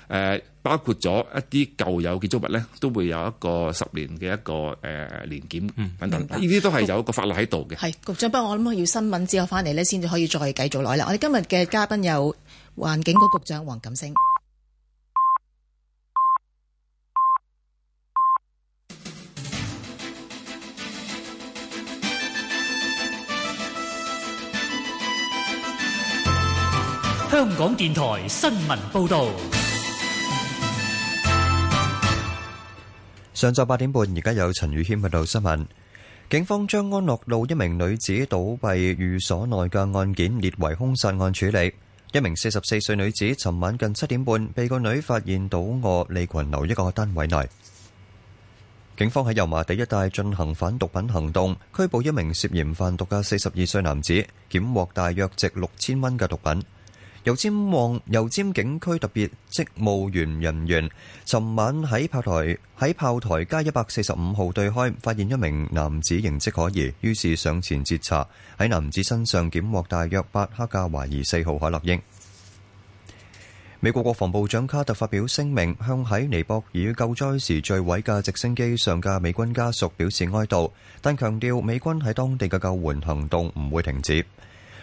誒，包括咗一啲舊有建築物咧，都會有一個十年嘅一個誒年檢等等。呢啲都係有一個法律喺度嘅。係，局長，不過我諗要新聞之後翻嚟咧，先至可以再繼續落嚟啦。我哋今日嘅嘉賓有環境局局長黃錦星。香港電台新聞報道：上晝八點半，而家有陳宇謙報道新聞。警方將安樂路一名女子倒斃寓所內嘅案件列為兇殺案處理。一名四十四歲女子，尋晚近七點半被個女發現倒卧利群樓一個單位內。警方喺油麻地一帶進行反毒品行動，拘捕一名涉嫌販毒嘅四十二歲男子，檢獲大約值六千蚊嘅毒品。油尖旺油尖警區特別職務員人員，尋晚喺炮台喺炮台街一百四十五號對開，發現一名男子形跡可疑，於是上前截查，喺男子身上檢獲大約八克嘅懷疑四號海洛英。美國國防部長卡特發表聲明，向喺尼泊爾救災時墜毀嘅直升機上嘅美軍家屬表示哀悼，但強調美軍喺當地嘅救援行動唔會停止。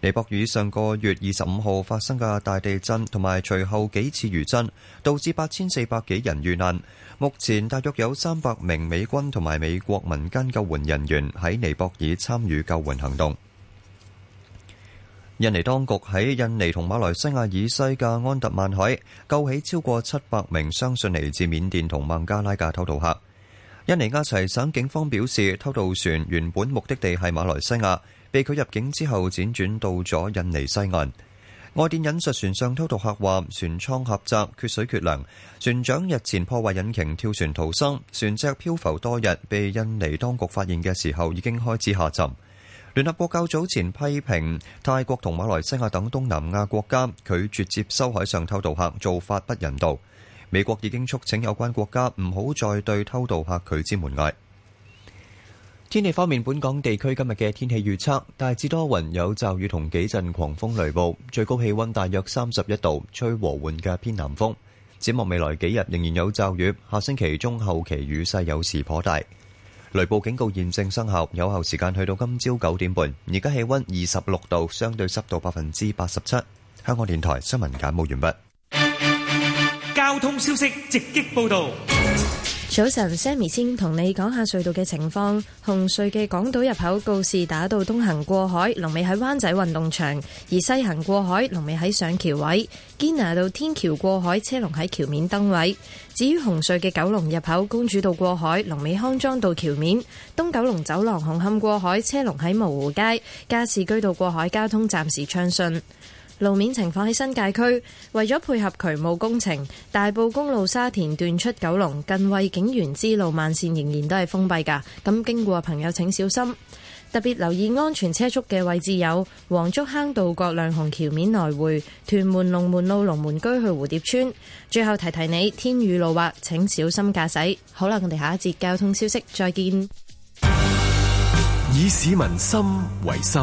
尼泊爾上個月二十五號發生嘅大地震，同埋隨後幾次餘震，導致八千四百幾人遇難。目前大約有三百名美軍同埋美國民間救援人員喺尼泊爾參與救援行動。印尼當局喺印尼同馬來西亞以西嘅安達曼海救起超過七百名相信嚟自緬甸同孟加拉嘅偷渡客。印尼亞齊省警方表示，偷渡船原本目的地係馬來西亞。被拒入境之後，輾轉到咗印尼西岸。外電引述船上偷渡客話，船艙狹窄，缺水缺糧，船長日前破壞引擎跳船逃生，船隻漂浮多日，被印尼當局發現嘅時候已經開始下沉。聯合國較早前批評泰國同馬來西亞等東南亞國家拒絕接收海上偷渡客，做法不人道。美國已經促請有關國家唔好再對偷渡客拒之門外。天氣方面，本港地區今日嘅天氣預測大致多雲，有驟雨同幾陣狂風雷暴，最高氣溫大約三十一度，吹和緩嘅偏南風。展望未來幾日仍然有驟雨，下星期中後期雨勢有時頗大。雷暴警告現正生，生效，有效時間去到今朝九點半。而家氣溫二十六度，相對濕度百分之八十七。香港電台新聞簡報完畢。交通消息直擊報道。早晨，Sammy 先同你講下隧道嘅情況。紅隧嘅港島入口告士打道東行過海，龍尾喺灣仔運動場；而西行過海龍尾喺上橋位。堅拿道天橋過海車龍喺橋面燈位。至於紅隧嘅九龍入口公主道過海龍尾康莊道橋面，東九龍走廊紅磡過海車龍喺蕪湖街。加士居道過海交通暫時暢順。路面情況喺新界區，為咗配合渠務工程，大埔公路沙田段出九龍近衛景園之路慢線仍然都係封閉噶。咁經過嘅朋友，請小心，特別留意安全車速嘅位置有黃竹坑道、國亮紅橋面來回屯門龍門路龍門居去蝴蝶村。最後提提你，天雨路滑請小心駕駛。好啦，我哋下一節交通消息再見。以市民心為心，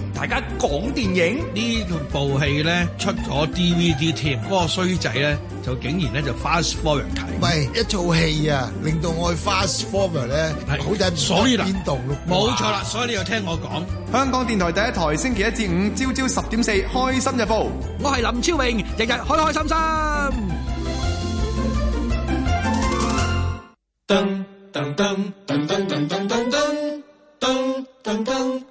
大家講電影，呢部戲咧出咗 DVD 添，嗰個衰仔咧就竟然咧就 fast forward 睇，喂，一套戲啊，令到我去 fast forward 咧，好在唔可以邊動咯，冇錯啦，所以你要聽我講。香港電台第一台星期一至五朝朝十點四，開心日報。我係林超榮，日日開開心心。噔噔噔噔噔噔噔噔噔噔。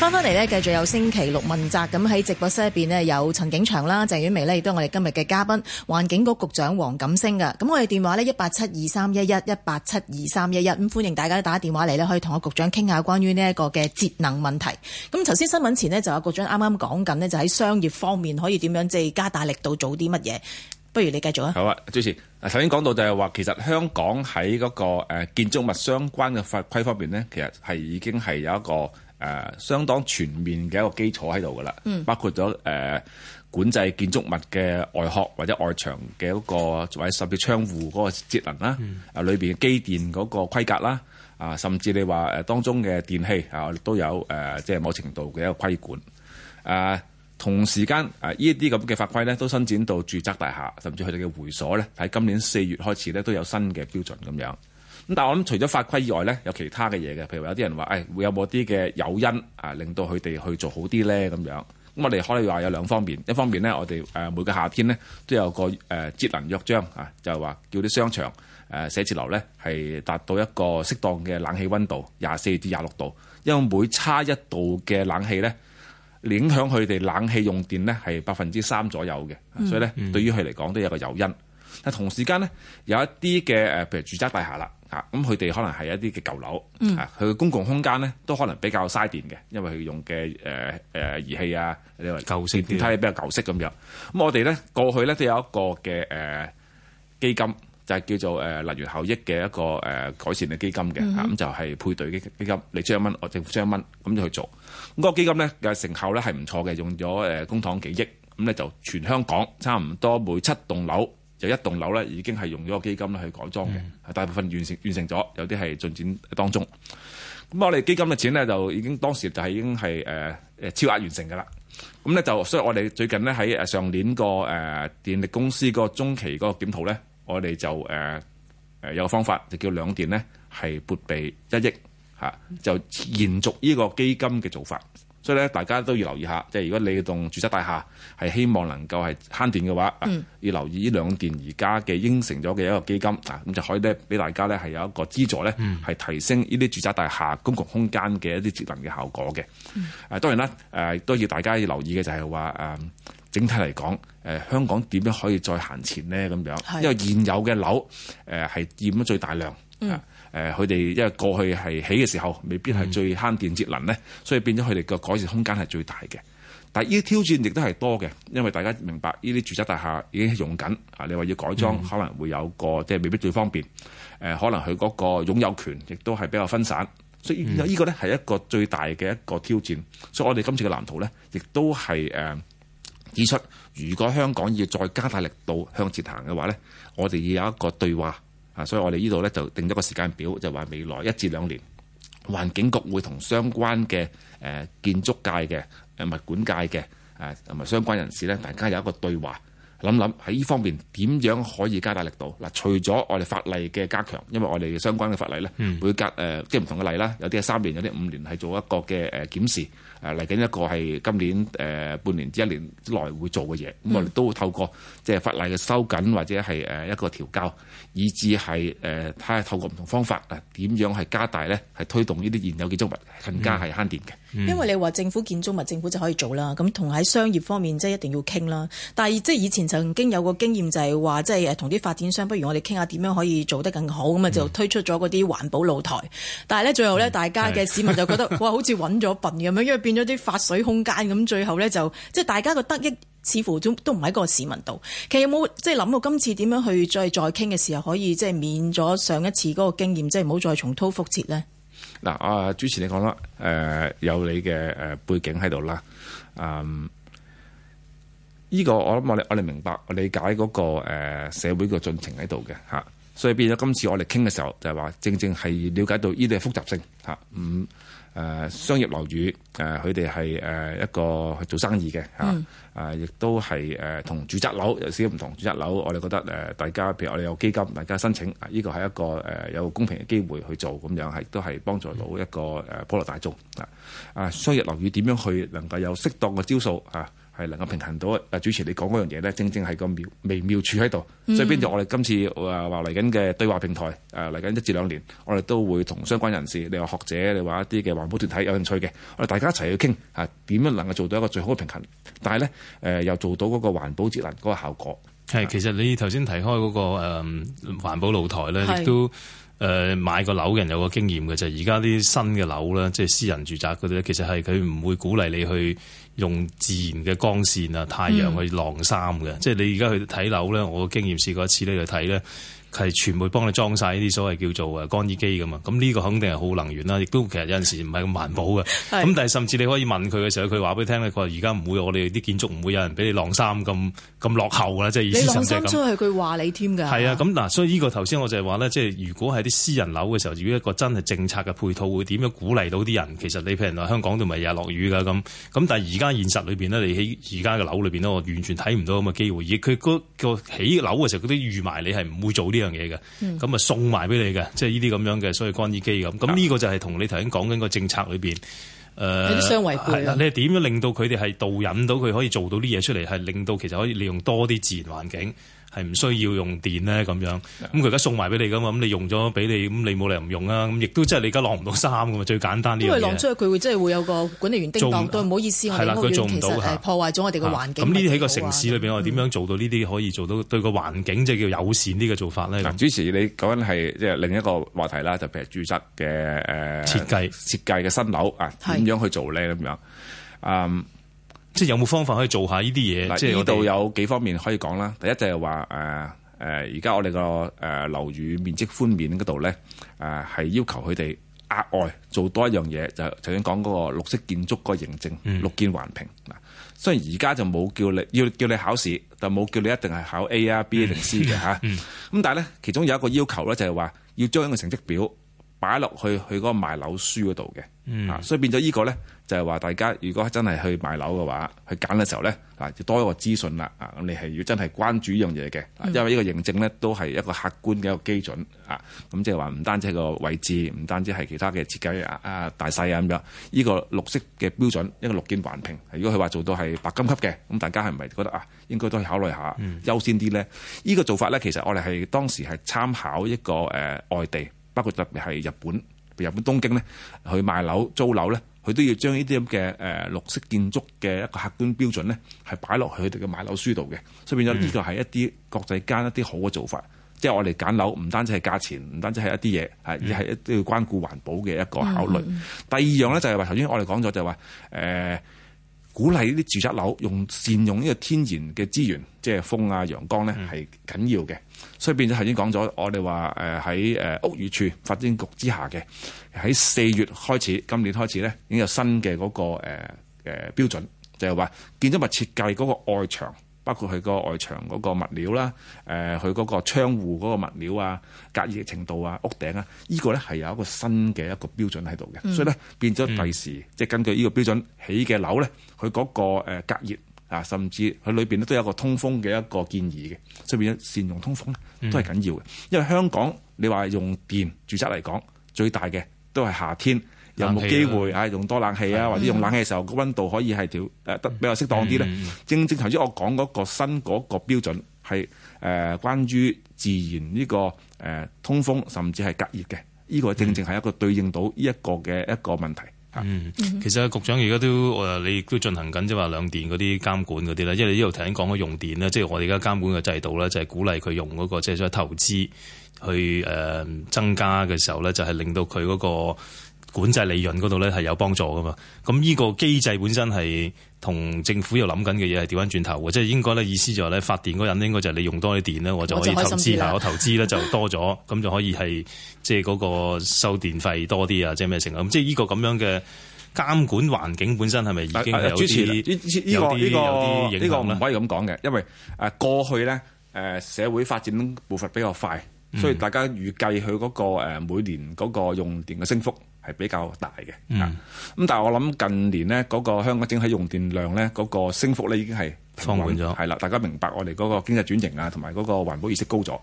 翻翻嚟呢，繼續有星期六問責。咁喺直播室入邊有陳景祥啦、鄭婉薇呢亦都係我哋今日嘅嘉賓，環境局局長黃錦星嘅。咁我哋電話呢，一八七二三一一一八七二三一一，咁歡迎大家打電話嚟，呢可以同我局長傾下關於呢一個嘅節能問題。咁頭先新聞前呢，就有局長啱啱講緊呢，就喺商業方面可以點樣即係加大力度做啲乜嘢？不如你繼續啊。好啊，主持頭先講到就係話，其實香港喺嗰個建築物相關嘅法規方面呢，其實係已經係有一個。誒、啊、相當全面嘅一個基礎喺度㗎啦，嗯、包括咗誒、呃、管制建築物嘅外殼或者外牆嘅一個，或者甚至窗戶嗰個節能啦，嗯、啊裏邊嘅機電嗰個規格啦，啊甚至你話誒當中嘅電器啊都有誒、呃，即係某程度嘅一個規管。誒、啊、同時間誒呢一啲咁嘅法規咧，都伸展到住宅大廈，甚至佢哋嘅會所咧，喺今年四月開始咧都有新嘅標準咁樣。但係我諗，除咗法規以外咧，有其他嘅嘢嘅，譬如有啲人話，誒會有冇啲嘅誘因啊，令到佢哋去做好啲咧咁樣。咁我哋可以話有兩方面，一方面咧，我哋每個夏天咧都有個誒節能約章啊，就係話叫啲商場誒寫字樓咧係達到一個適當嘅冷氣溫度廿四至廿六度，因為每差一度嘅冷氣咧影響佢哋冷氣用電咧係百分之三左右嘅，所以咧對於佢嚟講都有個誘因。但同時間咧有一啲嘅誒，譬如住宅大廈啦。啊，咁佢哋可能係一啲嘅舊樓，啊，佢嘅公共空間咧都可能比較嘥電嘅，因為佢用嘅誒誒儀器啊，你話舊式電梯比較舊式咁樣。咁我哋咧過去咧都有一個嘅誒基金，就係叫做誒能源效益嘅一個誒改善嘅基金嘅，咁就係配對嘅基金，你出一蚊，我政府出一蚊，咁就去做。咁個基金咧嘅成效咧係唔錯嘅，用咗誒公帑幾億，咁咧就全香港差唔多每七棟樓，就一棟樓咧，已經係用咗個基金去改裝嘅，大部分完成完成咗，有啲係進展當中。咁我哋基金嘅錢咧就已經當時就係已經係誒誒超額完成噶啦。咁咧就所以，我哋最近咧喺上年個誒電力公司個中期個檢討咧，我哋就誒誒有個方法就叫兩電呢，係撥備一億嚇，就延續呢個基金嘅做法。所以咧，大家都要留意下，即係如果你棟住宅大廈係希望能夠係慳電嘅話，嗯、要留意呢兩電而家嘅應承咗嘅一個基金啊，咁就可以咧俾大家咧係有一個資助咧，係提升呢啲住宅大廈公共空間嘅一啲節能嘅效果嘅。誒、嗯，當然啦，誒都要大家要留意嘅就係話誒，整體嚟講，香港點樣可以再行前呢？咁樣，因為現有嘅樓誒係佔咗最大量。嗯誒佢哋因為過去係起嘅時候，未必係最慳電節能呢、嗯、所以變咗佢哋個改善空間係最大嘅。但呢啲挑戰亦都係多嘅，因為大家明白呢啲住宅大廈已經用緊啊！你話要改裝，可能會有個即係未必最方便。誒、啊，可能佢嗰個擁有權亦都係比較分散，所以呢個呢係一個最大嘅一個挑戰。嗯、所以我哋今次嘅藍圖呢，亦都係誒指出，如果香港要再加大力度向前行嘅話呢，我哋要有一個對話。所以，我哋呢度咧就定咗個時間表，就話未來一至兩年，環境局會同相關嘅誒建築界嘅誒物管界嘅誒同埋相關人士咧，大家有一個對話。諗諗喺呢方面點樣可以加大力度嗱？除咗我哋法例嘅加強，因為我哋相關嘅法例咧，會隔誒即係唔同嘅例啦，有啲係三年，有啲五年係做一個嘅誒檢視，誒嚟緊一個係今年誒、呃、半年至一年之內會做嘅嘢。咁我哋都會透過即係法例嘅收緊或者係誒一個調校，以至係誒睇下透過唔同方法啊點樣係加大咧，係推動呢啲現有建築物更加係慳電嘅。嗯、因為你話政府建築物政府就可以做啦，咁同喺商業方面即係一定要傾啦。但係即係以前。曾經有個經驗就係話，即係誒同啲發展商，不如我哋傾下點樣可以做得更好咁啊？就推出咗嗰啲環保露台，但係咧最後咧，大家嘅市民就覺得嘩是的 好似揾咗笨咁樣， 因為變咗啲發水空間，咁最後咧就即係大家嘅得益似乎都都唔喺個市民度。其實有冇即係諗到今次點樣去再再傾嘅時候，可以即係免咗上一次嗰個經驗，即係唔好再重蹈覆轍呢？嗱、啊，啊主持你講啦，誒、呃、有你嘅誒背景喺度啦，嗯。呢個我諗我哋我哋明白我理解嗰個社會嘅進程喺度嘅所以變咗今次我哋傾嘅時候就係話，正正係了解到呢啲係複雜性嚇，五商業樓宇誒佢哋係誒一個去做生意嘅嚇，亦都係誒同住宅樓有少少唔同，住宅樓我哋覺得誒大家譬如我哋有基金，大家申請呢個係一個誒有公平嘅機會去做咁樣，係都係幫助到一個誒普羅大眾啊！啊，商業樓宇點樣去能夠有適當嘅招數啊？係能夠平衡到啊！主持你講嗰樣嘢咧，正正係個妙微妙處喺度。嗯、所以邊度我哋今次話話嚟緊嘅對話平台，誒嚟緊一至兩年，我哋都會同相關人士，你話學者，你話一啲嘅環保團體有興趣嘅，我哋大家一齊去傾嚇，點樣能夠做到一個最好嘅平衡？但係咧，誒、呃、又做到嗰個環保節能嗰個效果。係，其實你頭先提開嗰、那個誒、嗯、環保露台咧，是亦都。誒買個樓嘅人有個經驗嘅，就係而家啲新嘅樓咧，即係私人住宅嗰啲，其實係佢唔會鼓勵你去用自然嘅光線啊、太陽去晾衫嘅。即係、嗯、你而家去睇樓咧，我經驗試過一次咧，你去睇咧。係全部幫你裝晒呢啲所謂叫做誒乾衣機㗎嘛。咁呢個肯定係好能源啦，亦都其實有陣時唔係咁環保嘅。咁的但係甚至你可以問佢嘅時候，佢話俾你聽咧，佢話而家唔會，我哋啲建築唔會有人俾你晾衫咁咁落後㗎啦，即係意思係即係咁。你晾衫出係佢話你添㗎。係啊，咁嗱，所以呢個頭先我就係話咧，即係如果係啲私人樓嘅時候，如果一個真係政策嘅配套會點樣鼓勵到啲人？其實你譬如話香港都唔係日日落雨㗎咁，咁但係而家現實裏邊咧，你喺而家嘅樓裏邊咧，我完全睇唔到咁嘅機會。而佢嗰個起樓嘅時候，嗰啲預埋你係唔會做啲。呢樣嘢嘅，咁啊送埋俾你嘅，即係呢啲咁樣嘅，所謂乾衣機咁，咁呢個就係同你頭先講緊個政策裏邊，誒、呃，相違背係啦，你係點樣令到佢哋係導引到佢可以做到啲嘢出嚟，係令到其實可以利用多啲自然環境。係唔需要用電咧，咁樣，咁佢而家送埋俾你噶嘛，咁你用咗俾你，咁你冇理由唔用啊！咁亦都即係你而家晾唔到衫㗎嘛，最簡單啲，因為晾出去佢會即係會有個管理員叮當不對，唔好意思，佢做唔到，係，破壞咗我哋個環境的。咁呢啲喺個城市裏面，嗯、我哋點樣做到呢啲可以做到對個環境即係叫友善啲嘅做法咧？嗱，主持你講緊係即係另一個話題啦，就譬如住宅嘅誒、呃、設計設計嘅新樓啊，點的樣去做咧咁樣？嗯即係有冇方法可以做下呢啲嘢？即係呢度有幾方面可以講啦。第一就係話誒誒，而、呃、家、呃、我哋個誒樓宇面積寬免嗰度咧，誒、呃、係要求佢哋額外做多一樣嘢，就頭先講嗰個綠色建築個認證，嗯、綠建環評。嗱，雖然而家就冇叫你要叫你考試，但冇叫你一定係考 A 啊 B 定 C 嘅吓。咁、嗯嗯、但係咧，其中有一個要求咧，就係話要將一個成績表擺落去去嗰個賣樓書嗰度嘅，嗯、啊，所以變咗呢個咧就係話，大家如果真係去賣樓嘅話，去揀嘅時候咧，啊，就多一個資訊啦，啊，咁你係要真係關注一樣嘢嘅，啊嗯、因為呢個認證咧都係一個客觀嘅一個基準，啊，咁即係話唔單止係個位置，唔單止係其他嘅設計啊、大細啊咁樣，呢、呢個綠色嘅標準，一個綠建環評，如果佢話做到係白金級嘅，咁、啊、大家係唔係覺得啊，應該都去考慮下優先啲咧？呢、嗯、個做法咧，其實我哋係當時係參考一個誒、呃、外地。包括特別係日本，日本東京咧，佢賣樓、租樓咧，佢都要將呢啲咁嘅誒綠色建築嘅一個客觀標準咧，係擺落去佢哋嘅買樓書度嘅，所以變咗呢個係一啲國際間一啲好嘅做法。嗯、即係我哋揀樓，唔單止係價錢，唔單止係一啲嘢，係而係一都要關顧環保嘅一個考慮。嗯、第二樣咧就係話頭先我哋講咗就話、係、誒。呃鼓勵呢啲住宅樓用善用呢個天然嘅資源，即係風啊、陽光咧，係緊要嘅。所以變咗頭先講咗，我哋話誒喺誒屋宇署發展局之下嘅，喺四月開始，今年開始咧，已經有新嘅嗰、那個誒誒、呃呃、標準，就係、是、話建築物設計嗰個外牆。包括佢個外牆嗰個物料啦，誒佢嗰個窗戶嗰個物料啊，隔熱程度啊，屋頂啊，依個咧係有一個新嘅一個標準喺度嘅，所以咧變咗第時即係根據呢個標準起嘅樓咧，佢嗰個誒隔熱啊，甚至佢裏邊咧都有一個通風嘅一個建議嘅，所以變咗善用通風咧都係緊要嘅。因為香港你話用電住宅嚟講，最大嘅都係夏天。有冇機會啊？用多冷氣啊，或者用冷氣嘅時候，個溫度可以係調得比較適當啲咧。嗯、正正頭先我講嗰個新嗰個標準係關於自然呢個通風，甚至係隔熱嘅。呢、呢個正正係一個對應到呢一個嘅一個問題、嗯嗯、其實局長而家都你亦都進行緊即係話兩電嗰啲監管嗰啲咧，因為你依度頭先講咗用電咧，即、就、係、是、我哋而家監管嘅制度咧、嗰個，就係鼓勵佢用嗰個即係想投資去增加嘅時候咧，就係、是、令到佢嗰、嗰個。管制利潤嗰度咧係有幫助噶嘛？咁呢個機制本身係同政府要諗緊嘅嘢係調翻轉頭嘅，即係應該咧意思就係咧發電嗰人應該就係你用多啲電咧，我就可以投資下我，我投資咧就多咗，咁 就可以係即係嗰個收電費多啲啊，即係咩成啊？咁即係呢個咁樣嘅監管環境本身係咪已經有啲、啊啊、有啲影響呢個唔可以咁講嘅，因為誒、呃、過去咧、呃、社會發展步伐比較快，嗯、所以大家預計佢嗰個、呃、每年嗰個用電嘅升幅。係比較大嘅，啊咁！但係我諗近年呢，嗰個香港整體用電量呢，嗰個升幅呢已經係放緩咗，係啦！大家明白我哋嗰個經濟轉型啊，同埋嗰個環保意識高咗，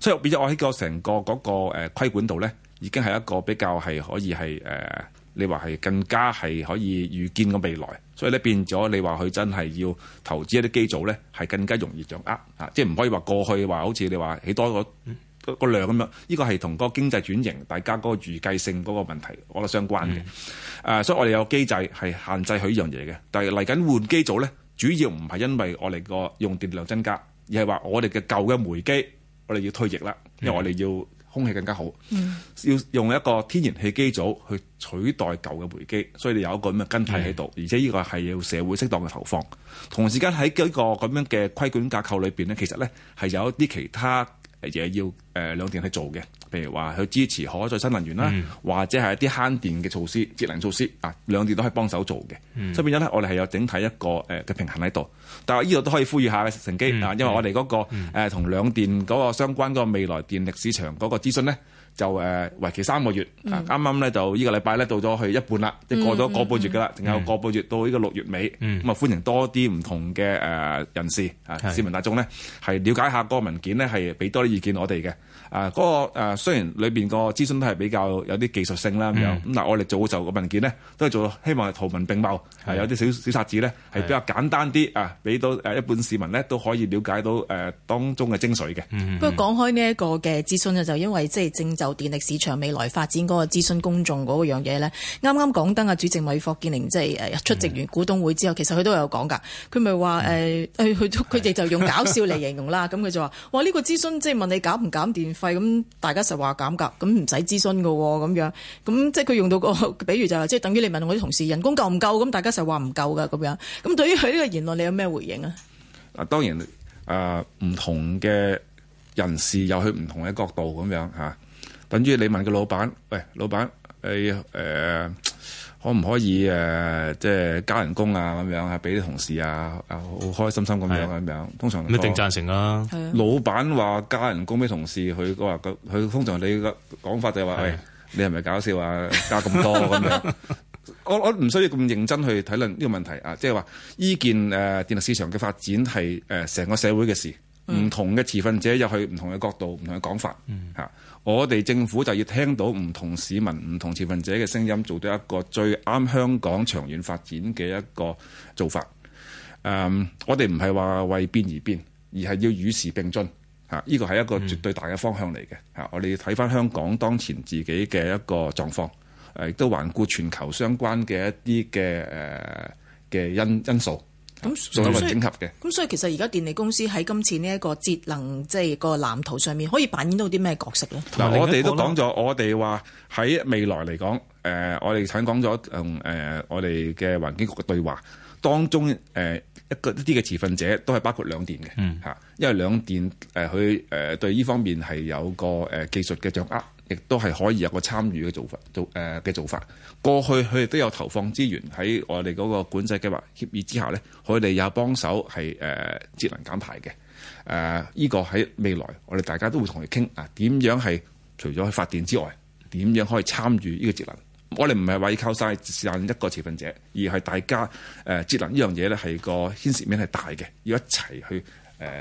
所以變咗我喺個成個嗰個誒規管度呢，已經係一個比較係可以係誒，你話係更加係可以預見嘅未來。所以呢變咗，你話佢真係要投資一啲機組呢，係更加容易掌握啊！即係唔可以話過去話好似你話起多個。個量咁樣，呢個係同嗰個經濟轉型、大家嗰個預計性嗰個問題我覺得相關嘅。誒、嗯啊，所以我哋有機制係限制佢呢樣嘢嘅。但係嚟緊換機組咧，主要唔係因為我哋個用電量增加，而係話我哋嘅舊嘅煤機我哋要退役啦，嗯、因為我哋要空氣更加好，嗯、要用一個天然氣機組去取代舊嘅煤機，所以你有一個咁嘅更替喺度。嗯、而且呢個係要社會適當嘅投放。同時間喺呢個咁樣嘅規管架構裏邊呢，其實呢係有一啲其他。亦係要誒、呃、兩電去做嘅，譬如話去支持可再生能源啦，嗯、或者係一啲慳電嘅措施、節能措施啊，兩電都可以幫手做嘅，嗯、所以變咗咧，我哋係有整體一個誒嘅、呃、平衡喺度。但係呢度都可以呼籲下嘅成機、嗯、啊，因為我哋嗰、嗰個同、嗯呃、兩電嗰個相關嗰個未來電力市場嗰個諮詢咧。就誒、呃，為期三個月，啱啱咧就呢個禮拜咧到咗去一半啦，即係、嗯、過咗個半月㗎啦，仲有、嗯、個半月到呢個六月尾，咁啊、嗯嗯、歡迎多啲唔同嘅誒人士、嗯、啊市民大眾咧係了解下個文件咧係俾多啲意見我哋嘅。啊，嗰個誒雖然裏面個諮詢都係比較有啲技術性啦咁樣，咁我哋做就個文件呢都係做希望係圖文並茂，嗯、有啲小小冊子呢係比較簡單啲是的 啊，俾到誒一般市民呢都可以了解到誒當中嘅精髓嘅。嗯嗯、不過講開呢一個嘅諮詢呢就因為即係正就電力市場未來發展嗰個諮詢公眾嗰個樣嘢呢。啱啱講得啊，主席咪霍建寧即係、就是、出席完股東會之後，嗯、其實佢都有講㗎，佢咪話誒佢哋就用搞笑嚟形容啦，咁佢是的笑就話，哇呢、呢個諮詢即係問你搞唔搞電？費咁大家成日話減價，咁唔使諮詢㗎喎，咁樣，咁即係佢用到個，比如就係即係等於你問我啲同事人工夠唔夠，咁大家成日話唔夠嘅咁樣。咁對於佢呢個言論，你有咩回應啊？啊，當然，啊、呃、唔同嘅人士有佢唔同嘅角度咁樣嚇。等於你問個老闆，喂，老闆，誒、欸、誒。呃可唔可以誒，即係加人工啊，咁樣啊，俾啲同事啊，啊好開心心咁樣咁樣。通常你定贊成啦。啊，老闆話加人工俾同事，佢話佢佢通常你個講法就係話，你係咪搞笑啊？加咁多咁 樣。我我唔需要咁認真去討論呢個問題啊。即係話呢件誒電力市場嘅發展係誒成個社會嘅事。唔同嘅持份者入去唔同嘅角度、唔、嗯、同嘅講法吓，我哋政府就要聽到唔同市民、唔同持份者嘅聲音，做到一個最啱香港長遠發展嘅一個做法。誒、um,，我哋唔係話為變而變而係要與時並進，吓，呢個係一個絕對大嘅方向嚟嘅，吓，嗯、我哋要睇翻香港當前自己嘅一個狀況，誒，亦都環顧全球相關嘅一啲嘅誒嘅因因素。咁整合嘅。咁所以其實而家電力公司喺今次呢一個節能即係個藍圖上面，可以扮演到啲咩角色咧？嗱，我哋都講咗，我哋話喺未來嚟講，誒，我哋曾經講咗同我哋嘅環境局嘅對話當中，誒一個一啲嘅持份者都係包括兩電嘅，嚇，嗯、因為兩電誒佢誒對呢方面係有個誒技術嘅掌握。亦都係可以有個參與嘅做法，做誒嘅、呃、做法。過去佢哋都有投放資源喺我哋嗰個管制計劃協議之下咧，佢哋有幫手係誒節能減排嘅。誒、呃，呢、這個喺未來我哋大家都會同佢傾啊，點、呃、樣係除咗發電之外，點樣可以參與呢個節能？我哋唔係話要靠晒剩一個持份者，而係大家誒節、呃、能呢樣嘢咧係個牽涉面係大嘅，要一齊去。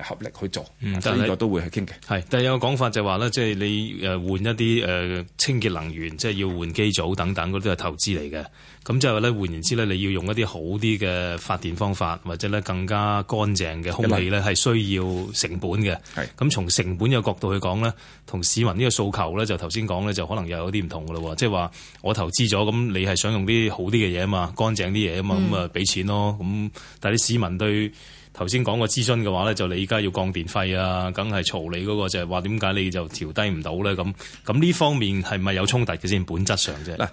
誒合力去做，嗯，呢個都會係傾嘅。係，但係有個講法就話咧，即係你誒換一啲誒清潔能源，即係要換機組等等，嗰啲係投資嚟嘅。咁之後咧，換言之咧，你要用一啲好啲嘅發電方法，或者咧更加乾淨嘅空氣咧，係需要成本嘅。係。咁從成本嘅角度去講咧，同市民呢個訴求咧，就頭先講咧，就可能又有啲唔同嘅咯。即係話我投資咗，咁你係想用啲好啲嘅嘢啊嘛，乾淨啲嘢啊嘛，咁啊俾錢咯。咁但係啲市民對頭先講個諮詢嘅話咧，就你依家要降電費啊，梗係嘈你嗰、嗰個就係話點解你就調低唔到咧咁？咁呢方面係咪有衝突嘅先？本質上啫。嗱，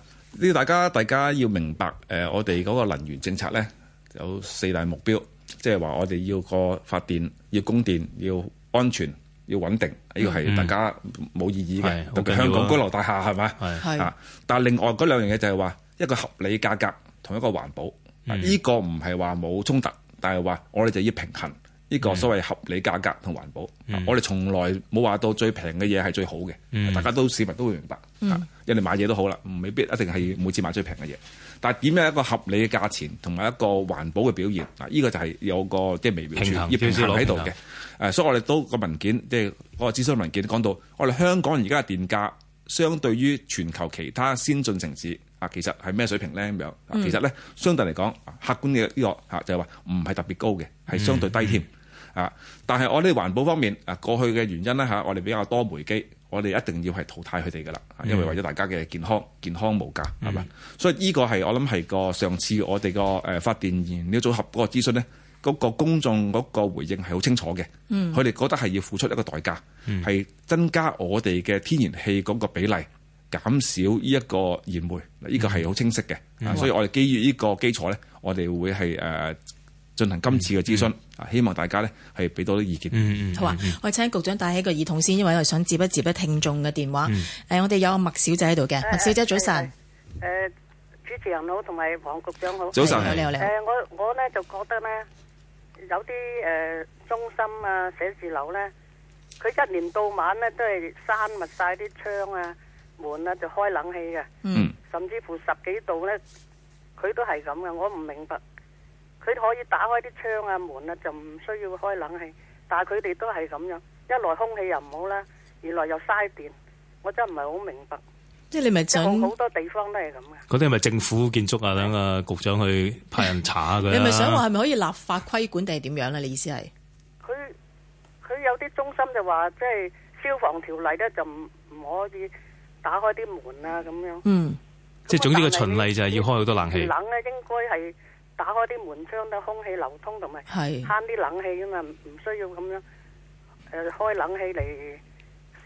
呢大家大家要明白，誒，我哋嗰個能源政策咧有四大目標，即係話我哋要個發電要供電要安全要穩定，呢個係大家冇異議嘅，嗯、特別香港高樓大廈係咪？係、嗯。但係另外嗰兩樣嘢就係話一個合理價格同一個環保，呢、嗯、個唔係話冇衝突。但係話，我哋就要平衡呢個所謂合理價格同環保。Mm. 我哋從來冇話到最平嘅嘢係最好嘅，mm. 大家都市民都會明白。Mm. 人哋買嘢都好啦，唔未必一定係每次買最平嘅嘢。但係點樣一個合理嘅價錢同埋一個環保嘅表現，嗱、這、依個就係有個即係微妙處平衡要平衡喺度嘅。誒，所以我哋都個文件，即係嗰個諮詢文件講到，我哋香港而家嘅電價相對於全球其他先進城市。啊，其實係咩水平咧咁樣？嗯、其實咧，相對嚟講，客觀嘅呢個嚇就係話唔係特別高嘅，係相對低添。啊、嗯，嗯、但係我哋環保方面啊，過去嘅原因咧嚇，我哋比較多煤機，我哋一定要係淘汰佢哋噶啦。因為為咗大家嘅健康，健康無價，係咪、嗯？所以呢個係我諗係個上次我哋個誒發電燃料組合個諮詢咧，嗰、嗰個公眾嗰個回應係好清楚嘅。佢哋、嗯、覺得係要付出一個代價，係增加我哋嘅天然氣嗰個比例。減少呢一個燃煤，呢、呢個係好清晰嘅，嗯、所以我哋基於呢個基礎咧，我哋會係誒進行今次嘅諮詢，嗯嗯、希望大家咧係俾多啲意見。嗯嗯、好啊，我請局長戴起個耳筒先，因為我想接一接一聽眾嘅電話。嗯嗯欸、我哋有阿麥小姐喺度嘅，欸、麥小姐早晨。誒、欸，主持人好，同埋黃局長好。早晨，你好你好。我我咧就覺得咧，有啲誒、呃、中心啊、寫字樓咧，佢一年到晚咧都係閂密晒啲窗啊，門啊就開冷氣嘅，甚至乎十幾度呢，佢都係咁嘅。我唔明白，佢可以打開啲窗啊門啊，就唔需要開冷氣，但係佢哋都係咁樣。一來空氣又唔好啦，二來又嘥電，我真係唔係好明白。即係你咪就好多地方都係咁嘅。嗰啲係咪政府建築啊？等啊局長去派人查下佢。你咪想話係咪可以立法規管定係點樣咧？你意思係？佢佢有啲中心就話，即係消防條例咧就唔唔可以。打開啲門啊，咁樣。嗯，即係那麼 總之個循例就係要開好多冷氣。冷咧、啊、應該係打開啲門窗，等空氣流通，同埋慳啲冷氣啊嘛，唔是需要咁樣誒、呃、開冷氣嚟。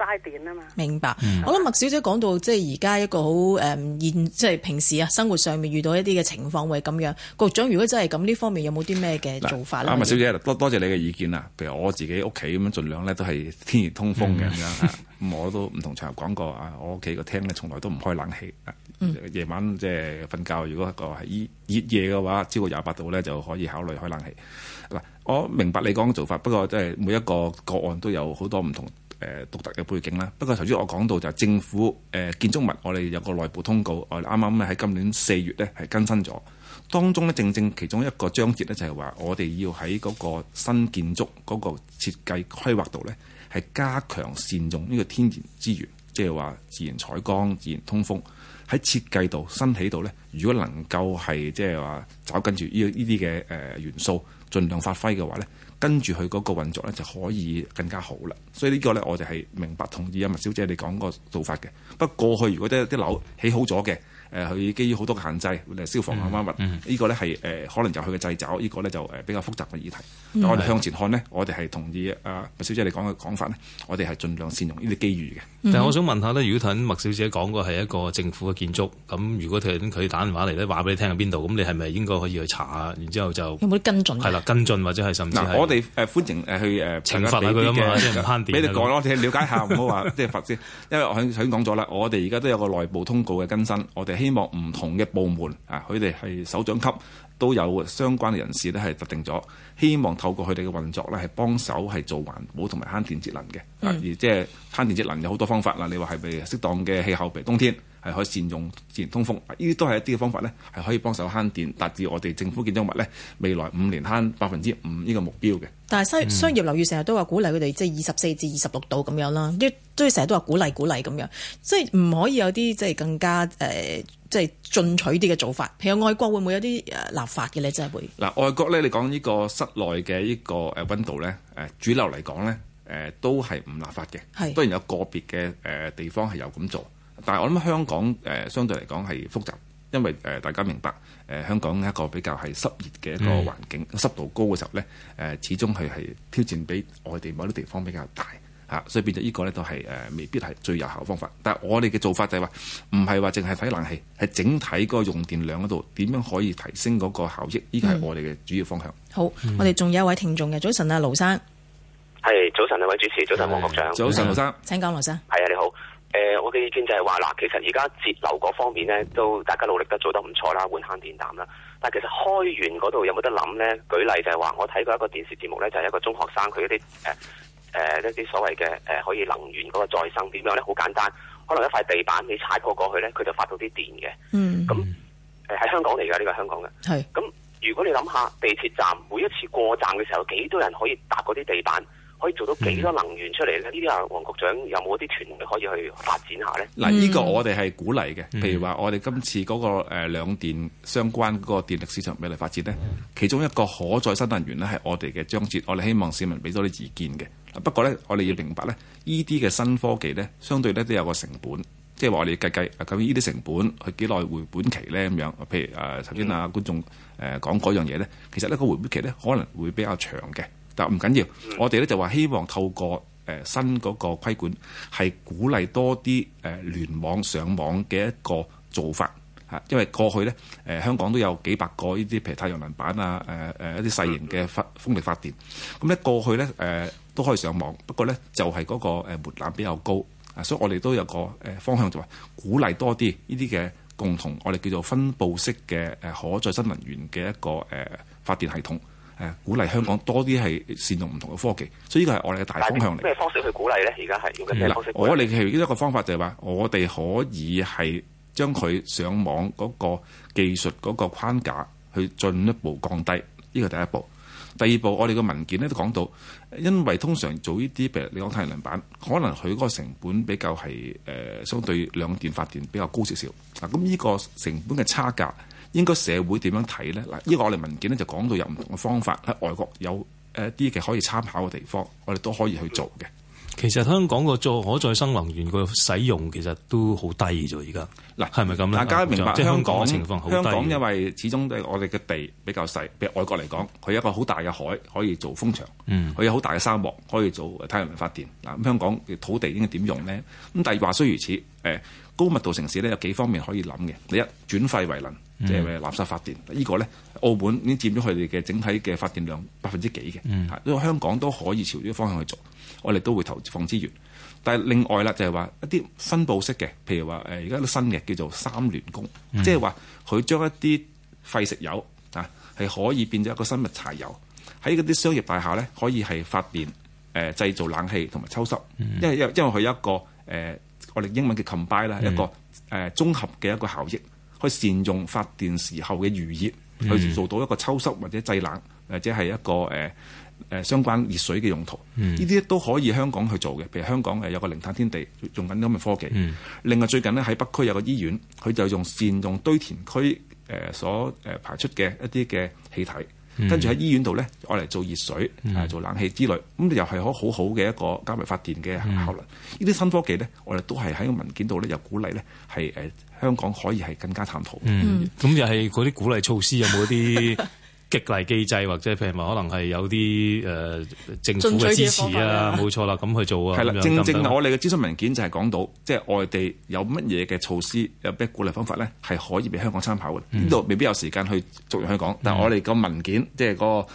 差點啊嘛！明白，我諗麥小姐講到即係而家一個好誒現，即、嗯、係、就是、平時啊生活上面遇到一啲嘅情況會咁樣，局長如果真係咁呢方面有冇啲咩嘅做法咧？啊，麥小姐多多謝你嘅意見啊。譬如我自己屋企咁樣，儘量咧都係天然通風嘅咁樣我都唔同場合講過啊，我屋企個廳咧從來都唔開冷氣。夜、嗯、晚即係瞓覺，如果個係熱,熱夜嘅話，超過廿八度咧就可以考慮開冷氣。嗱，我明白你講嘅做法，不過即係每一個個案都有好多唔同。誒獨特嘅背景啦，不過頭先我講到就政府誒、呃、建築物，我哋有個內部通告。我哋啱啱喺今年四月呢，係更新咗，當中呢，正正其中一個章節呢，就係、是、話我哋要喺嗰個新建築嗰個設計規劃度呢，係加強善用呢個天然資源，即係話自然採光、自然通風喺設計度、新起度呢，如果能夠係即係話找緊住呢呢啲嘅誒元素，盡量發揮嘅話呢。跟住佢嗰個運作咧，就可以更加好啦。所以呢個咧，我就係明白同意啊麥小姐你講個做法嘅。不過,過去如果啲啲樓起好咗嘅，佢、呃、基於好多限制，消防啊乜乜呢個呢，係、呃、可能就佢嘅掣肘，呢、呢個呢，就比較複雜嘅議題。嗯、我哋向前看呢，我哋係同意啊麥小姐你講嘅講法呢，我哋係盡量善用呢啲機遇嘅。嗯、但係我想問下咧，如果睇麥小姐講過係一個政府嘅建築，咁如果佢佢打電話嚟話話俾你聽喺邊度？咁你係咪應該可以去查下？然之後就有冇啲跟進？係啦，跟進或者係甚至我哋、啊、歡迎誒去誒、呃，而家俾佢啊嘛、啊，即係慳電、啊。俾你講，我哋了解下，唔好話即係罰先。因為我頭先講咗啦，我哋而家都有個內部通告嘅更新。我哋希望唔同嘅部門啊，佢哋係首長級都有相關嘅人士咧，係特定咗，希望透過佢哋嘅運作咧，係幫手係做環保同埋慳電節能嘅。嗯、而即係慳電節能有好多方法啦。你話係咪適當嘅氣候？譬如冬天。係可以善用自然通風，呢啲都係一啲嘅方法咧，係可以幫手慳電，達至我哋政府建築物咧未來五年慳百分之五呢個目標嘅。但係商商業樓宇成日都話鼓勵佢哋即係二十四至二十六度咁樣啦，都都成日都話鼓勵鼓勵咁樣，即係唔可以有啲即係更加誒、呃、即係進取啲嘅做法？譬如外國會唔會有啲誒立法嘅咧？真係會？嗱，外國咧，你講呢個室內嘅呢個誒溫度咧，誒主流嚟講咧，誒都係唔立法嘅。係是當然有個別嘅誒地方係有咁做。但係我諗香港誒相對嚟講係複雜，因為誒大家明白誒香港一個比較係濕熱嘅一個環境，濕是度高嘅時候咧誒始終係係挑戰比外地某啲地方比較大嚇，所以變咗呢個咧都係誒未必係最有效嘅方法。但係我哋嘅做法就係話唔係話淨係睇冷氣，係整體個用電量嗰度點樣可以提升嗰個效益，呢個係我哋嘅主要方向。嗯、好，我哋仲有一位聽眾嘅，早晨啊，盧生。係，早晨啊，兩位主持，早晨黃局長。早晨，盧生，請講，盧生。嘅意見就係話，嗱，其實而家節流嗰方面咧，都大家努力都做得唔錯啦，換慳電膽啦。但係其實開源嗰度有冇得諗咧？舉例就係話，我睇過一個電視節目咧，就係、是、一個中學生佢一啲誒誒一啲所謂嘅誒、呃、可以能源嗰個再生點樣咧？好簡單，可能一塊地板你踩過過去咧，佢就發到啲電嘅。嗯、mm。咁誒喺香港嚟㗎，呢、這個香港嘅係。咁如果你諗下地鐵站每一次過站嘅時候，幾多人可以搭嗰啲地板？可以做到幾多能源出嚟呢？呢啲啊，黃、hmm. 局長有冇啲潛力可以去發展下呢？嗱，呢個我哋係鼓勵嘅。Mm hmm. 譬如話，我哋今次嗰、那個、呃、兩兩電相關嗰個電力市場未來發展呢，mm hmm. 其中一個可再生能源呢，係我哋嘅章節，我哋希望市民俾多啲意見嘅。不過呢，我哋要明白呢，呢啲嘅新科技呢，相對呢都有個成本，即係話我哋計計咁呢啲成本，佢幾耐回本期呢？咁樣。譬如誒，頭、呃、先啊，觀眾誒講嗰樣嘢呢，其實呢個回本期呢，可能會比較長嘅。但唔緊要，我哋咧就話希望透過新嗰個規管，係鼓勵多啲誒聯網上網嘅一個做法嚇，因為過去咧、呃、香港都有幾百個呢啲譬如太陽能板啊、呃、一啲細型嘅發風力發電，咁咧過去咧、呃、都可以上網，不過咧就係、是、嗰個誒門檻比較高，所以我哋都有個方向就話鼓勵多啲呢啲嘅共同，我哋叫做分布式嘅可再生能源嘅一個誒發電系統。呃、鼓勵香港多啲係善用唔同嘅科技，所以呢個係我哋嘅大方向嚟。咩方式去鼓勵咧？而家係我哋其依一個方法，就係話我哋可以係將佢上網嗰個技術嗰個框架去進一步降低，呢個第一步。第二步，我哋嘅文件咧都講到，因為通常做呢啲譬如你講太陽能板，可能佢嗰個成本比較係、呃、相對兩電發電比較高少少。嗱咁呢個成本嘅差價。應該社會點樣睇咧？嗱，依個我哋文件咧就講到有唔同嘅方法喺外國有誒啲嘅可以參考嘅地方，我哋都可以去做嘅。其實香港個做可再生能源個使用其實都好低啫。而家嗱係咪咁咧？係咪噉樣？大家明白我想，即香港，香港的情況好低，香港因為始終都我哋嘅地比較細，譬如外國嚟講，佢一個好大嘅海可以做風場，佢、嗯、有好大嘅沙漠可以做太陽能發電嗱。咁、啊、香港嘅土地應該點用咧？咁第二話雖如此，誒高密度城市咧有幾方面可以諗嘅。第一轉廢為能。即係、嗯、垃圾發電，呢、這個呢，澳門已經佔咗佢哋嘅整體嘅發電量百分之幾嘅。嚇、嗯，因為香港都可以朝呢個方向去做，我哋都會投放資源。但係另外啦，就係話一啲分佈式嘅，譬如話誒，而家一個新嘅叫做三聯工，即係話佢將一啲廢食油啊係可以變咗一個生物柴油，喺嗰啲商業大廈呢，可以係發電誒、呃、製造冷氣同埋抽濕，嗯、因為因為因為佢有一個誒、呃、我哋英文嘅 combine 啦、嗯，一個誒綜合嘅一個效益。去善用發電時候嘅餘熱，嗯、去做到一個抽濕或者製冷，或者係一個誒誒、呃、相關熱水嘅用途。呢啲、嗯、都可以香港去做嘅。譬如香港誒有個零碳天地，用緊啲咁嘅科技。嗯、另外最近咧喺北區有個醫院，佢就用善用堆填區誒、呃、所誒、呃、排出嘅一啲嘅氣體，跟住喺醫院度咧攞嚟做熱水、嗯、做冷氣之類。咁又係可好好嘅一個加密發電嘅效率。呢啲、嗯、新科技咧，我哋都係喺個文件度咧又鼓勵咧係誒。呃香港可以係更加探討，嗯，咁又係嗰啲鼓勵措施有冇啲激勵機制，或者譬如話可能係有啲誒、呃、政府嘅支持啊，冇錯啦，咁去做啊，係啦的，正正我哋嘅諮詢文件就係講到，即、就、係、是、外地有乜嘢嘅措施，有咩鼓勵方法咧，係可以俾香港參考嘅，呢度、嗯、未必有時間去逐樣去講，嗯、但係我哋個文件即係、就是、個誒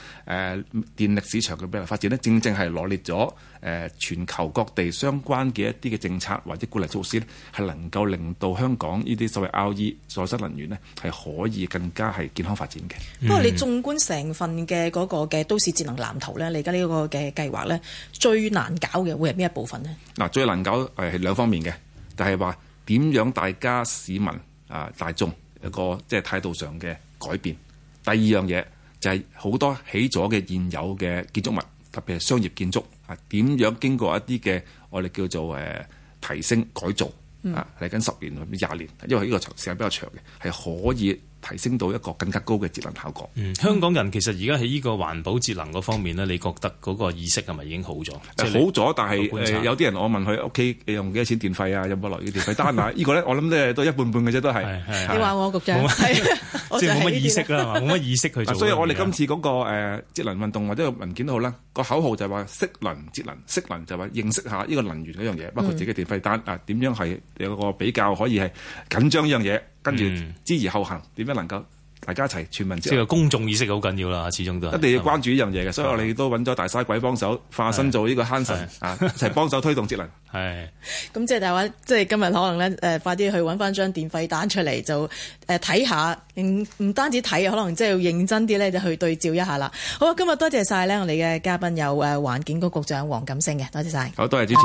電力市場嘅未來發展咧，正正係羅列咗。誒、呃、全球各地相關嘅一啲嘅政策或者鼓勵措施咧，係能夠令到香港呢啲所謂 R E 再生能源呢，係可以更加係健康發展嘅。不過你縱觀成份嘅嗰個嘅都市節能藍圖呢，你而家呢個嘅計劃呢，最難搞嘅會係咩一部分呢？嗱，最難搞係兩方面嘅，就係話點樣大家市民啊、大眾有一個即係態度上嘅改變。第二樣嘢就係、是、好多起咗嘅現有嘅建築物，特別係商業建築。啊，點樣經過一啲嘅我哋叫做誒、呃、提升改造、嗯、啊，嚟緊十年、廿年，因為呢個長時間比較長嘅，係可以，提升到一個更加高嘅節能效果。香港人其實而家喺呢個環保節能嗰方面呢，你覺得嗰個意識係咪已經好咗？好咗，但係有啲人我問佢屋企用幾多錢電費啊？有冇攞呢個電費單啊？呢個咧，我諗咧都一半半嘅啫，都係。你話我局長，即係冇乜意識啦，冇乜意識佢。所以我哋今次嗰個誒節能運動或者文件都好啦，個口號就係話識能節能，識能就話認識下呢個能源嗰樣嘢，包括自己嘅電費單啊，點樣係有個比較可以係緊張呢樣嘢。跟住知而後行，點樣能夠大家一齊全民？即係公眾意識好緊要啦，始終都一定要關注呢樣嘢嘅。吧所以我哋都揾咗大嘥鬼幫手化身做呢個慳神啊，一齊幫手推動節能。係，咁即係大話，即係今日可能咧誒快啲去揾翻張電費單出嚟就誒睇下，唔唔單止睇啊，可能即係要認真啲咧就去對照一下啦。好啊，今日多謝晒咧，我哋嘅嘉賓有誒環境局局長黃錦星嘅，多謝晒，好，多謝主持